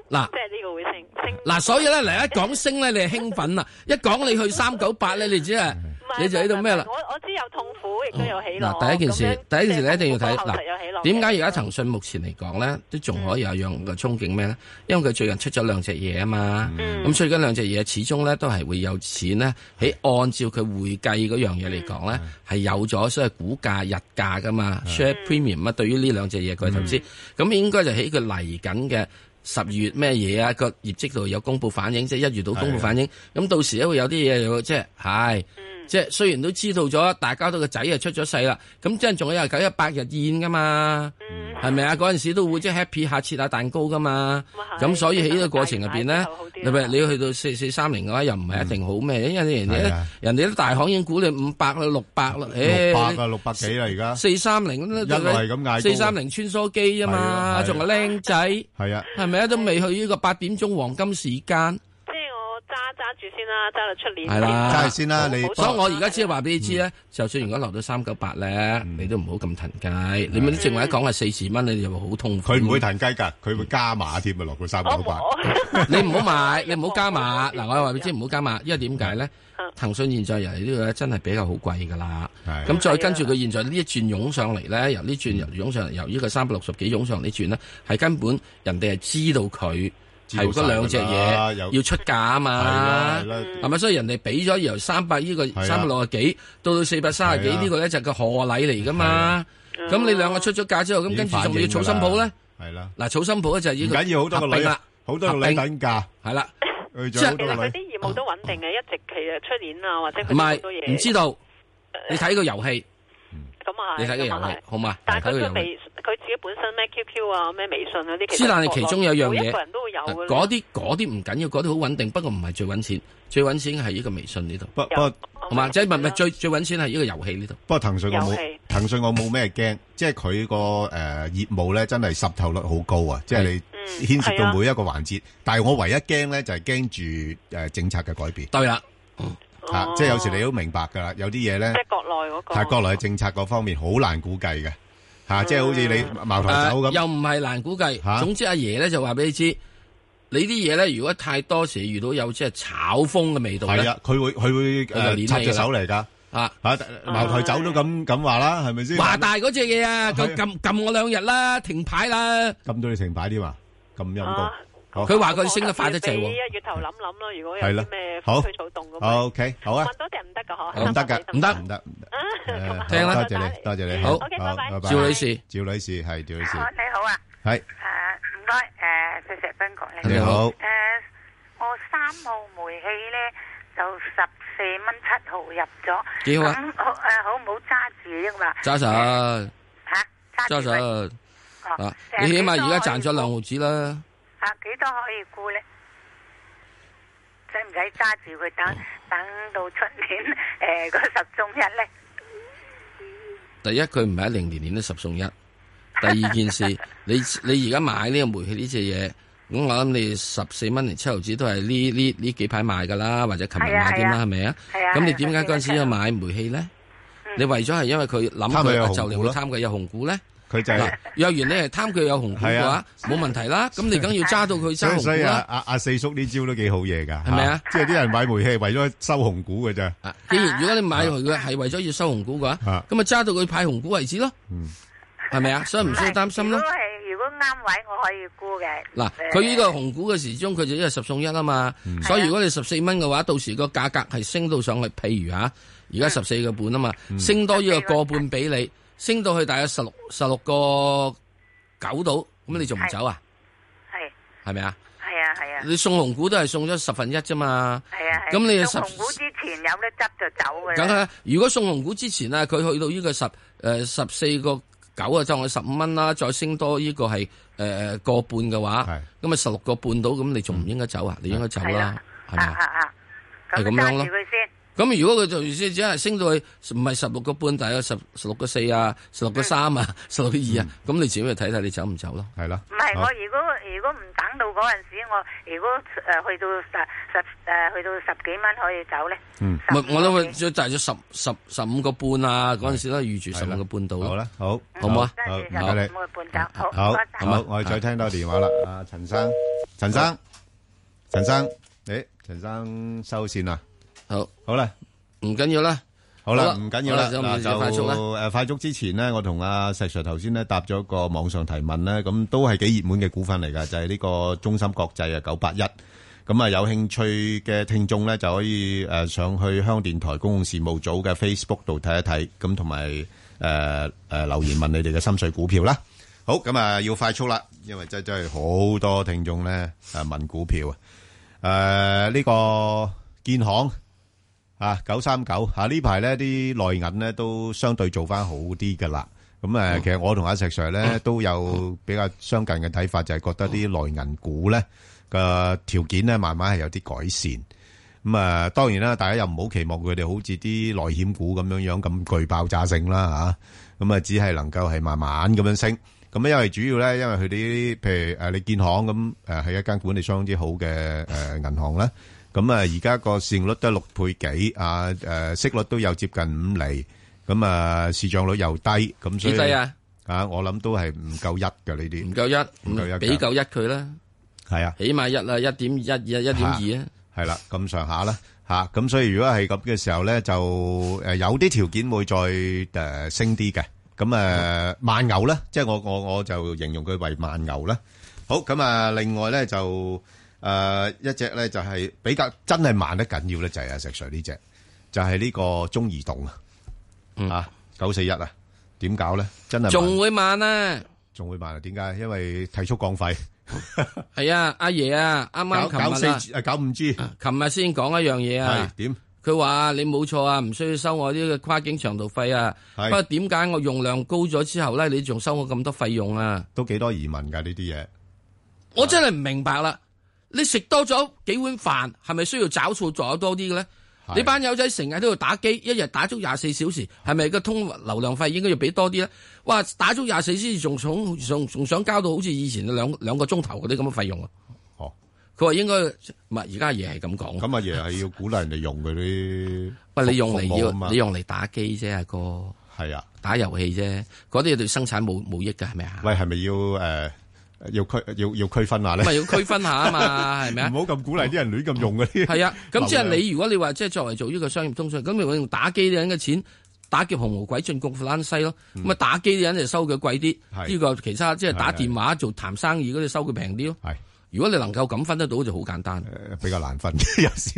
Speaker 1: 嗱，即係呢個會升
Speaker 2: 升嗱，所以咧嚟一講升咧，你係興奮啦，一講你去三九八咧，你只係。
Speaker 3: 你就喺度咩啦？我我知有痛苦，亦都有喜樂。嗱，第一件事，第一件事你一定要睇。嗱，點解而家
Speaker 2: 騰訊目前嚟講咧，都仲可以有樣嘅憧憬咩咧？因為佢最近出咗兩隻嘢啊嘛。咁所以嗰兩隻嘢始終咧都係會有錢咧，喺按照佢會計嗰樣嘢嚟講咧係有咗，所謂股價日價噶嘛。Share premium 啊，對於呢兩隻嘢佢投資，咁應該就喺佢嚟緊嘅十月咩嘢啊個業績度有公布反應，即係一遇到公布反應。咁到時咧會有啲嘢即係係。即係雖然都知道咗，大家都個仔啊出咗世啦，咁即係仲有廿九、一百日宴噶嘛，係咪啊？嗰陣時都會即係 happy 下切下蛋糕噶嘛，咁、嗯、所以喺呢個過程入邊呢，嗯、你去到四四三零嘅話，又唔係一定好咩？因為人哋咧，啊、人哋啲大行已經估你五百啦、六百啦，六百啊六百幾啦而家，四三零四三零穿梭機啊嘛，仲係靚仔，係啊，係咪啊？都未去呢個八點鐘黃金時間。
Speaker 3: 揸住先啦，揸到出年係啦，揸住
Speaker 2: 先啦。你，所以我而家只係話俾你知咧，就算如果留到三九八咧，你都唔好咁騰雞。你咪啲剩位講係四十蚊，你又會好痛苦。佢唔會騰雞噶，佢會加碼添啊，落到三九八。
Speaker 3: 你唔好
Speaker 2: 買，你唔好加碼。嗱，我話俾你知唔好加碼，因為點解咧？騰訊現在又係呢個咧，真係比較好貴噶啦。咁再跟住佢現在呢一轉湧上嚟咧，由呢轉又湧上嚟，由呢佢三百六十幾湧上呢轉咧，係根本人哋係知道佢。係嗰兩隻嘢要出價啊嘛，係咪？所以人哋俾咗由三百呢個三百六啊幾到到四百三十幾呢個一就個賀禮嚟噶嘛。咁你兩個出咗價之後，咁跟住仲要儲心抱咧？
Speaker 1: 係
Speaker 2: 啦，嗱，儲心抱咧就係依個，唔緊要，好多個禮，
Speaker 1: 好多個禮品
Speaker 2: 價，係啦。即係其實佢啲業務都穩定嘅，一直
Speaker 4: 其實出年啊或者佢做多嘢。唔係，唔知道
Speaker 2: 你睇個遊戲。咁啊，咁啊，的好嘛嗎？但係佢佢微佢自己本身咩 QQ 啊，咩
Speaker 4: 微信啊啲。私隱係其中有一樣嘢。
Speaker 2: 每一個人都會有嗰啲啲唔緊要，嗰啲好穩定，不過唔係最揾錢，最揾錢係呢個微信呢度。不不，
Speaker 1: 同埋即係唔係最最揾錢係呢個遊戲呢度。不過騰訊我冇戲騰訊我冇咩驚，即係佢個誒業務咧真係滲透率好高啊！即係你牽涉到每一個環節。嗯，但係我唯一驚咧就係驚住誒政策嘅改變。對啦。吓，即係有時你都明白㗎啦，有啲嘢咧，係國內嘅政策嗰方面好難估計嘅。嚇，即係好似你茅台酒咁，又唔係難估計。總之阿爺咧就話俾你知，
Speaker 2: 你啲嘢咧如果太多時遇到有即係炒風嘅味道係呀，
Speaker 1: 佢會佢會誒出隻手嚟㗎。嚇嚇，茅台酒都咁咁話啦，係咪先？話大嗰隻嘢啊！佢撳撳我兩日啦，停牌啦，撳到你停牌添啊！咁陰功。佢話佢升得快得滯喎！一月頭諗諗咯，如果有啲咩風吹草動咁樣，揾多啲唔得噶嗬？唔得噶，唔得唔得！聽啦，多謝你，多謝你。好，好，拜拜。趙女士，趙女士係趙女士。你好啊，係。唔該，誒石石賓講你。你好。
Speaker 4: 誒，我三號煤氣咧就十四蚊七
Speaker 2: 毫入咗。幾好啊？誒好唔好揸住啊嘛？揸實。嚇！揸實。你起碼而家賺咗兩毫子啦。
Speaker 4: 啊，幾多可以估
Speaker 2: 咧？使唔使揸住佢等？等到出年誒，呃、十送一咧？第一，佢唔係一零年年都十送一。第二件事， 你你而家買呢個煤氣呢隻嘢，咁、這個、我諗你十四蚊零七毫紙都係呢呢呢幾排買噶啦，或者琴日買添啦，係咪啊？咁你點解嗰陣時要買煤氣咧？你為咗係因為佢諗佢就嚟會貪佢有紅股咧？
Speaker 1: 佢就係若然你係貪佢有紅股嘅話，
Speaker 2: 冇問題啦。咁你梗要揸到佢揸紅股，
Speaker 1: 阿阿四叔呢招都幾好嘢噶。係咪啊？即係啲人買煤氣為咗收紅股嘅啫。既然如果你買佢係為咗要收紅股嘅話，咁咪揸到佢派紅股為止咯。
Speaker 2: 係咪啊？所以唔需要擔心咯。如
Speaker 4: 果係如果啱位，我可以沽嘅。嗱，佢呢個紅
Speaker 2: 股嘅時鐘，佢就因為十送一啊嘛。所以如果你十四蚊嘅話，到時個價格係升到上去，譬如啊，而家十四個半啊嘛，升多呢個個半俾你。升到去大約十六十六個九度，咁你仲唔走啊？
Speaker 4: 係係咪啊？係啊係啊！你送紅
Speaker 2: 股都係送咗十分一啫嘛。
Speaker 4: 係啊。咁你啊，紅股之前有咧執就走嘅啦。梗係，
Speaker 2: 如果送紅股之前啊，佢去到呢個十誒十四個九啊，即係我十五蚊啦，再升多呢個係誒個半嘅話，咁啊十六個半度，咁你仲唔應該走啊？你應該走啦，係咪啊？咁揸住先。咁如果佢就原先只係升到去唔係十六個半，大概十十六個四啊，十六個三啊，十六個二啊，咁你自己去睇睇你走唔走咯，係咯。唔係我如果如果唔等到嗰陣時，
Speaker 4: 我如果誒去到十十誒去
Speaker 2: 到十幾蚊可以走咧。嗯。我我都會再大咗十十十五個半啊，嗰陣時咧預住十五個半到。好啦，好，好唔
Speaker 3: 好啊？好。好。好。好。我哋
Speaker 1: 再聽到電話啦，阿陳生，陳生，陳生，誒，陳生收線啦。好好啦，唔緊要啦。好啦，唔緊要啦。嗱就誒，快速之前咧，我同阿石 Sir 頭先咧答咗個網上提問咧，咁都係幾熱門嘅股份嚟噶，就係呢個中芯國際啊，九八一。咁啊，有興趣嘅聽眾咧就可以誒，上去香港電台公共事務組嘅 Facebook 度睇一睇。咁同埋誒誒，留言問你哋嘅心水股票啦。好，咁啊，要快速啦，因為真真係好多聽眾咧誒問股票啊。誒，呢個建行。啊，九三九，吓，呢排呢啲內銀呢都相對做翻好啲噶啦，咁、啊、誒，其實我同阿石 Sir 咧都有比較相近嘅睇法，就係、是、覺得啲內銀股咧嘅條件咧慢慢係有啲改善，咁啊，當然啦，大家又唔好期望佢哋好似啲內險股咁樣樣咁具爆炸性啦，吓、啊，咁啊，只係能夠係慢慢咁樣升，咁、啊、因為主要咧，因為佢哋啲譬如誒、啊，你建行咁誒，係、啊、一間管理相當之好嘅誒銀行啦。 咁啊，而家個市盈率都六倍幾，啊誒，息率都有接近五厘，咁啊市賬率又低，咁所以啊，我諗都係唔夠一嘅呢啲，唔夠一，唔夠一，俾夠一佢啦，係啊，起碼一啦，一點一、一、一點二啊，係啦，咁上下啦，吓，咁所以如果係咁嘅時候咧，就誒有啲條件會再誒升啲嘅，咁啊慢牛啦，即係我我我就形容佢為慢牛啦。好，咁啊，另外咧就。誒，一隻咧就係比較真係慢得緊要咧，就係阿石 Sir 呢隻，就係呢個中移動啊，啊，九四一啊，點搞咧？真係仲會慢啊？仲會慢？啊？點解？因為提速降費係啊，阿爺啊，
Speaker 2: 啱啱琴日啊，九五 G，琴日先講一樣嘢啊，點？佢話你冇錯啊，唔需要收我呢個跨境長途費啊，不過點解我用量高咗之後咧，你仲
Speaker 1: 收我咁多費用啊？都幾多移民噶呢啲嘢，
Speaker 2: 我真係唔明白啦。你食多咗幾碗飯，係咪需要找數再多啲嘅咧？是的 你班友仔成日都要打機，一日打足廿四小時，係咪個通流量費應該要俾多啲咧？哇！打足廿四小時，仲想仲仲想交到好似以前兩兩個鐘頭嗰啲咁嘅費用啊？哦，佢話應該唔係，而家阿爺係咁講。
Speaker 1: 咁啊，阿爺係要鼓勵人哋用嗰啲。唔 你
Speaker 2: 用嚟要，你用嚟打機啫，阿哥。係啊，打遊戲啫，嗰啲對生產冇
Speaker 1: 冇益㗎係咪啊？是是喂，係咪要誒？呃要區要要區分下咧，咁要區分下啊嘛，係咪啊？唔好咁鼓勵啲人亂咁用嗰啲。係啊，咁即係你
Speaker 2: 如果你話即係作為做呢個商業通訊，咁會用打機啲人嘅錢打劫紅毛鬼進貢富蘭西咯，咁啊、嗯、打機啲人就收佢貴啲，呢個是其他即係、就是、打電話是做談生意嗰啲收佢平啲咯。如果你能夠咁分得到就好簡單，比較難分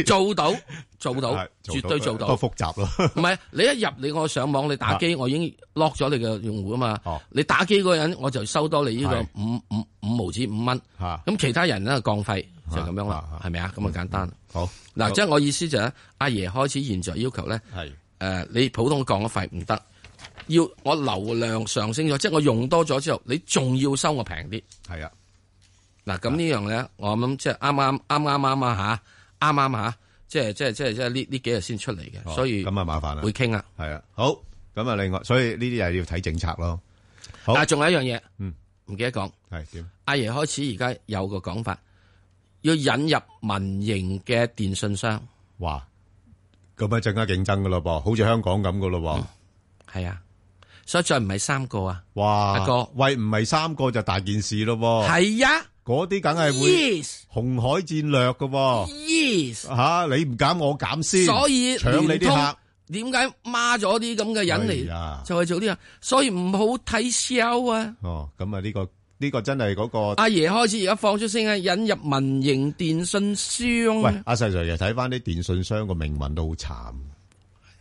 Speaker 2: 做到做到，絕對做到。多複雜咯，唔係你一入你我上網你打機，我已經 lock 咗你嘅用戶啊嘛。你打機嗰個人我就收多你呢個五五五毫紙五蚊。咁其他人咧降費就咁樣咯，係咪啊？咁啊簡單。好嗱，即係我意思就係阿爺開始現在要求咧，係誒你普通降咗費唔得，要我流量上升咗，即係我用多咗之後，你仲要收我平啲。係啊。嗱，咁呢樣咧，我諗即係啱啱啱啱啱啊嚇，啱啱嚇，即係即係即係即係呢呢幾日先出嚟嘅，哦、所以
Speaker 1: 咁啊麻煩啦，會傾啊，係啊，好，咁啊另外，所以呢啲又要睇政策咯。好，仲有一樣嘢，嗯，唔記得講，係點？阿爺開始而家有個講法，要引入民營嘅電信商，哇，咁啊更加競爭噶咯噃，好似香港咁噶咯噃，係啊、嗯，所以再唔係三個啊，哇，阿、啊、喂唔係三個就大件事咯噃，係啊。嗰啲梗係會紅海戰略嘅，吓，你唔減我減先，所以搶你啲客。
Speaker 2: 點解孖咗啲咁嘅人嚟，就去做啲嘢？所以唔好睇笑啊！哦，
Speaker 1: 咁啊，呢個呢個真係嗰個阿
Speaker 2: 爺開始而家放出聲啊，引入民營電信商。喂，
Speaker 1: 阿細瑞，又睇翻啲電信商個命運都好慘，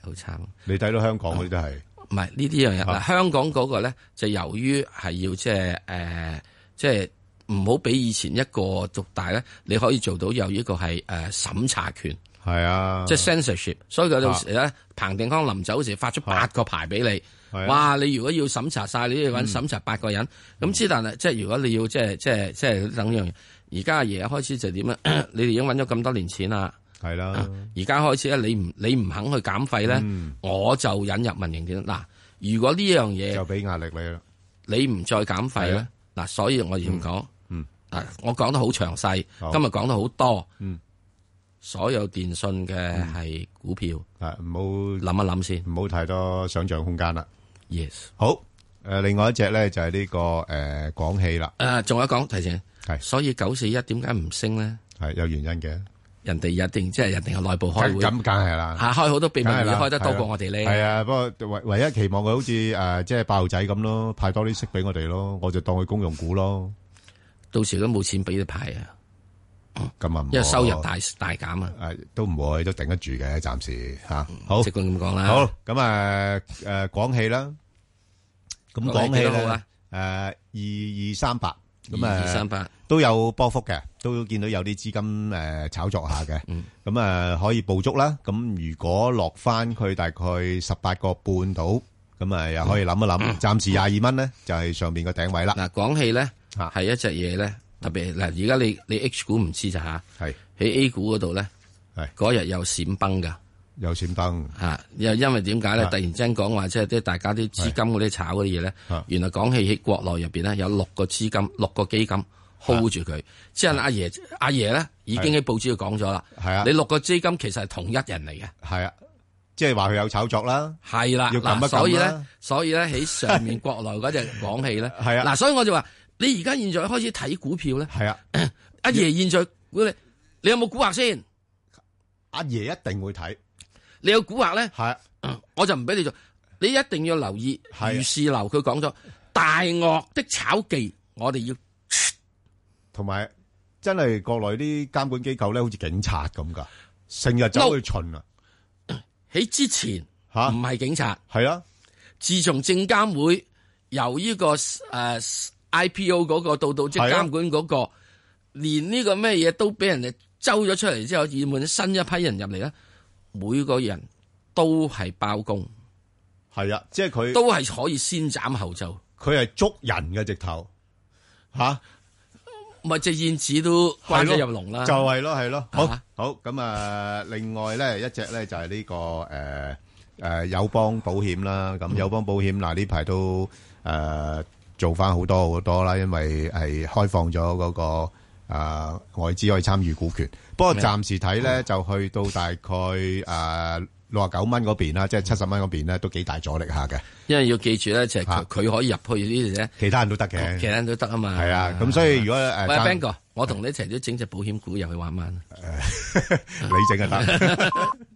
Speaker 1: 好慘。你睇到香港佢都係，唔係呢啲樣嘢。嗱，香港嗰個咧就由於
Speaker 2: 係要即係誒，即係。唔好俾以前一個獨大咧，你可以做到有呢個係誒審查權，
Speaker 1: 係啊，即係 censorship。
Speaker 2: 所以嗰陣時咧，彭定康臨走嗰時發出八個牌俾你，哇！你如果要審查晒，你要揾審查八個人，咁之但係即係如果你要即係即係即係等呢樣嘢，而家阿爺開始就點咧？你哋已經揾咗咁多年錢啦，係啦，而家開始咧，你唔你唔肯去減費咧，我就引入民營點？嗱，如果呢樣嘢就俾壓力你啦，你唔再減費咧，嗱，所以我而家講。我講得好詳細，今日講
Speaker 1: 得好多，嗯，所有電信嘅係股票，唔好諗一諗先，唔好太多想象空間啦。Yes，好，誒，另外一隻咧就係呢個誒廣汽啦，誒，仲有講，提醒。係，所以九四一點解唔升咧？係有原因嘅，人哋一定即係
Speaker 2: 人哋係內部開會，咁梗係
Speaker 1: 啦，吓開好多秘密你開得多過我哋呢。係啊，不過唯唯一期望佢好似誒即係爆仔咁咯，派多啲息俾我哋咯，我就當佢公用股咯。到時都冇錢俾啲派啊！咁啊，因為收入大大減啊！誒，都唔會，都頂得住嘅，暫時吓。好，即係咁講啦。好，咁啊，誒，廣汽啦，咁廣汽咧，誒，二二三八，咁誒，二三八都有波幅嘅，都見到有啲資金誒炒作下嘅。咁啊，可以捕捉啦。咁如果落翻佢大概十八個半度，咁啊，又可以諗一諗。暫時廿二蚊咧，就係上邊個頂位啦。嗱，廣汽咧，係一隻嘢咧，特別嗱，而家你你 H 股唔知咋，
Speaker 2: 吓，係喺 A 股嗰度咧，係嗰日又閃崩噶，又閃崩吓，又因為點解咧？突然間講話即係啲大家啲資金嗰啲炒嗰啲嘢咧，原來講起喺國內入邊咧有六個資金、六個基金 hold 住佢，之後阿爺阿爺咧已經喺報紙度講咗啦，係啊，你六個資金其實係同一人嚟嘅。係啊，即係話佢有炒
Speaker 1: 作啦，係啦，嗱，所以咧，
Speaker 2: 所以咧喺上面國內嗰隻講起咧，係啊，嗱，所以我就話。你而家現在開始睇股票咧？係啊，阿爺、啊、現在估你你有冇蠱惑先？阿爺、啊、一定會睇。你有蠱惑咧？係、啊，我就唔俾你做。你一定要留意是、啊、如是流，佢講咗大鱷
Speaker 1: 的炒技，我哋要同埋真係國內啲監管機構咧，好似警察咁噶，成日走去巡啊。喺之前吓唔係警察係啊，自從證監會由呢、這個
Speaker 2: 誒。Uh, IPO 嗰個到到即監管嗰個，道道那個啊、連呢個咩嘢都俾人哋揪咗出嚟之後，以滿新一批人入嚟咧，每個人都
Speaker 1: 係包公，係啊，即係佢都係可以先斬後奏，佢係捉人嘅直頭，吓、啊，咪隻、嗯、燕子都歸咗入籠啦、啊，就係、是、咯，係咯，好，啊、好咁啊，另外咧，一隻咧就係呢、這個誒誒友邦保險啦，咁友邦保險嗱呢排都誒。呃做翻好多好多啦，因為係開放咗嗰、那個誒外資可以參與股權，不過暫時睇咧麼就去到大概誒六啊九蚊嗰邊啦，即係七十蚊嗰邊咧都幾大阻力下嘅。
Speaker 2: 因為要記住咧，就係佢可以入去、
Speaker 1: 啊、呢啲咧，其他人都得嘅，其他人
Speaker 2: 都得啊嘛。係啊，咁所以如果誒，我同你一齊都整隻保險股入去玩玩。 你整就得。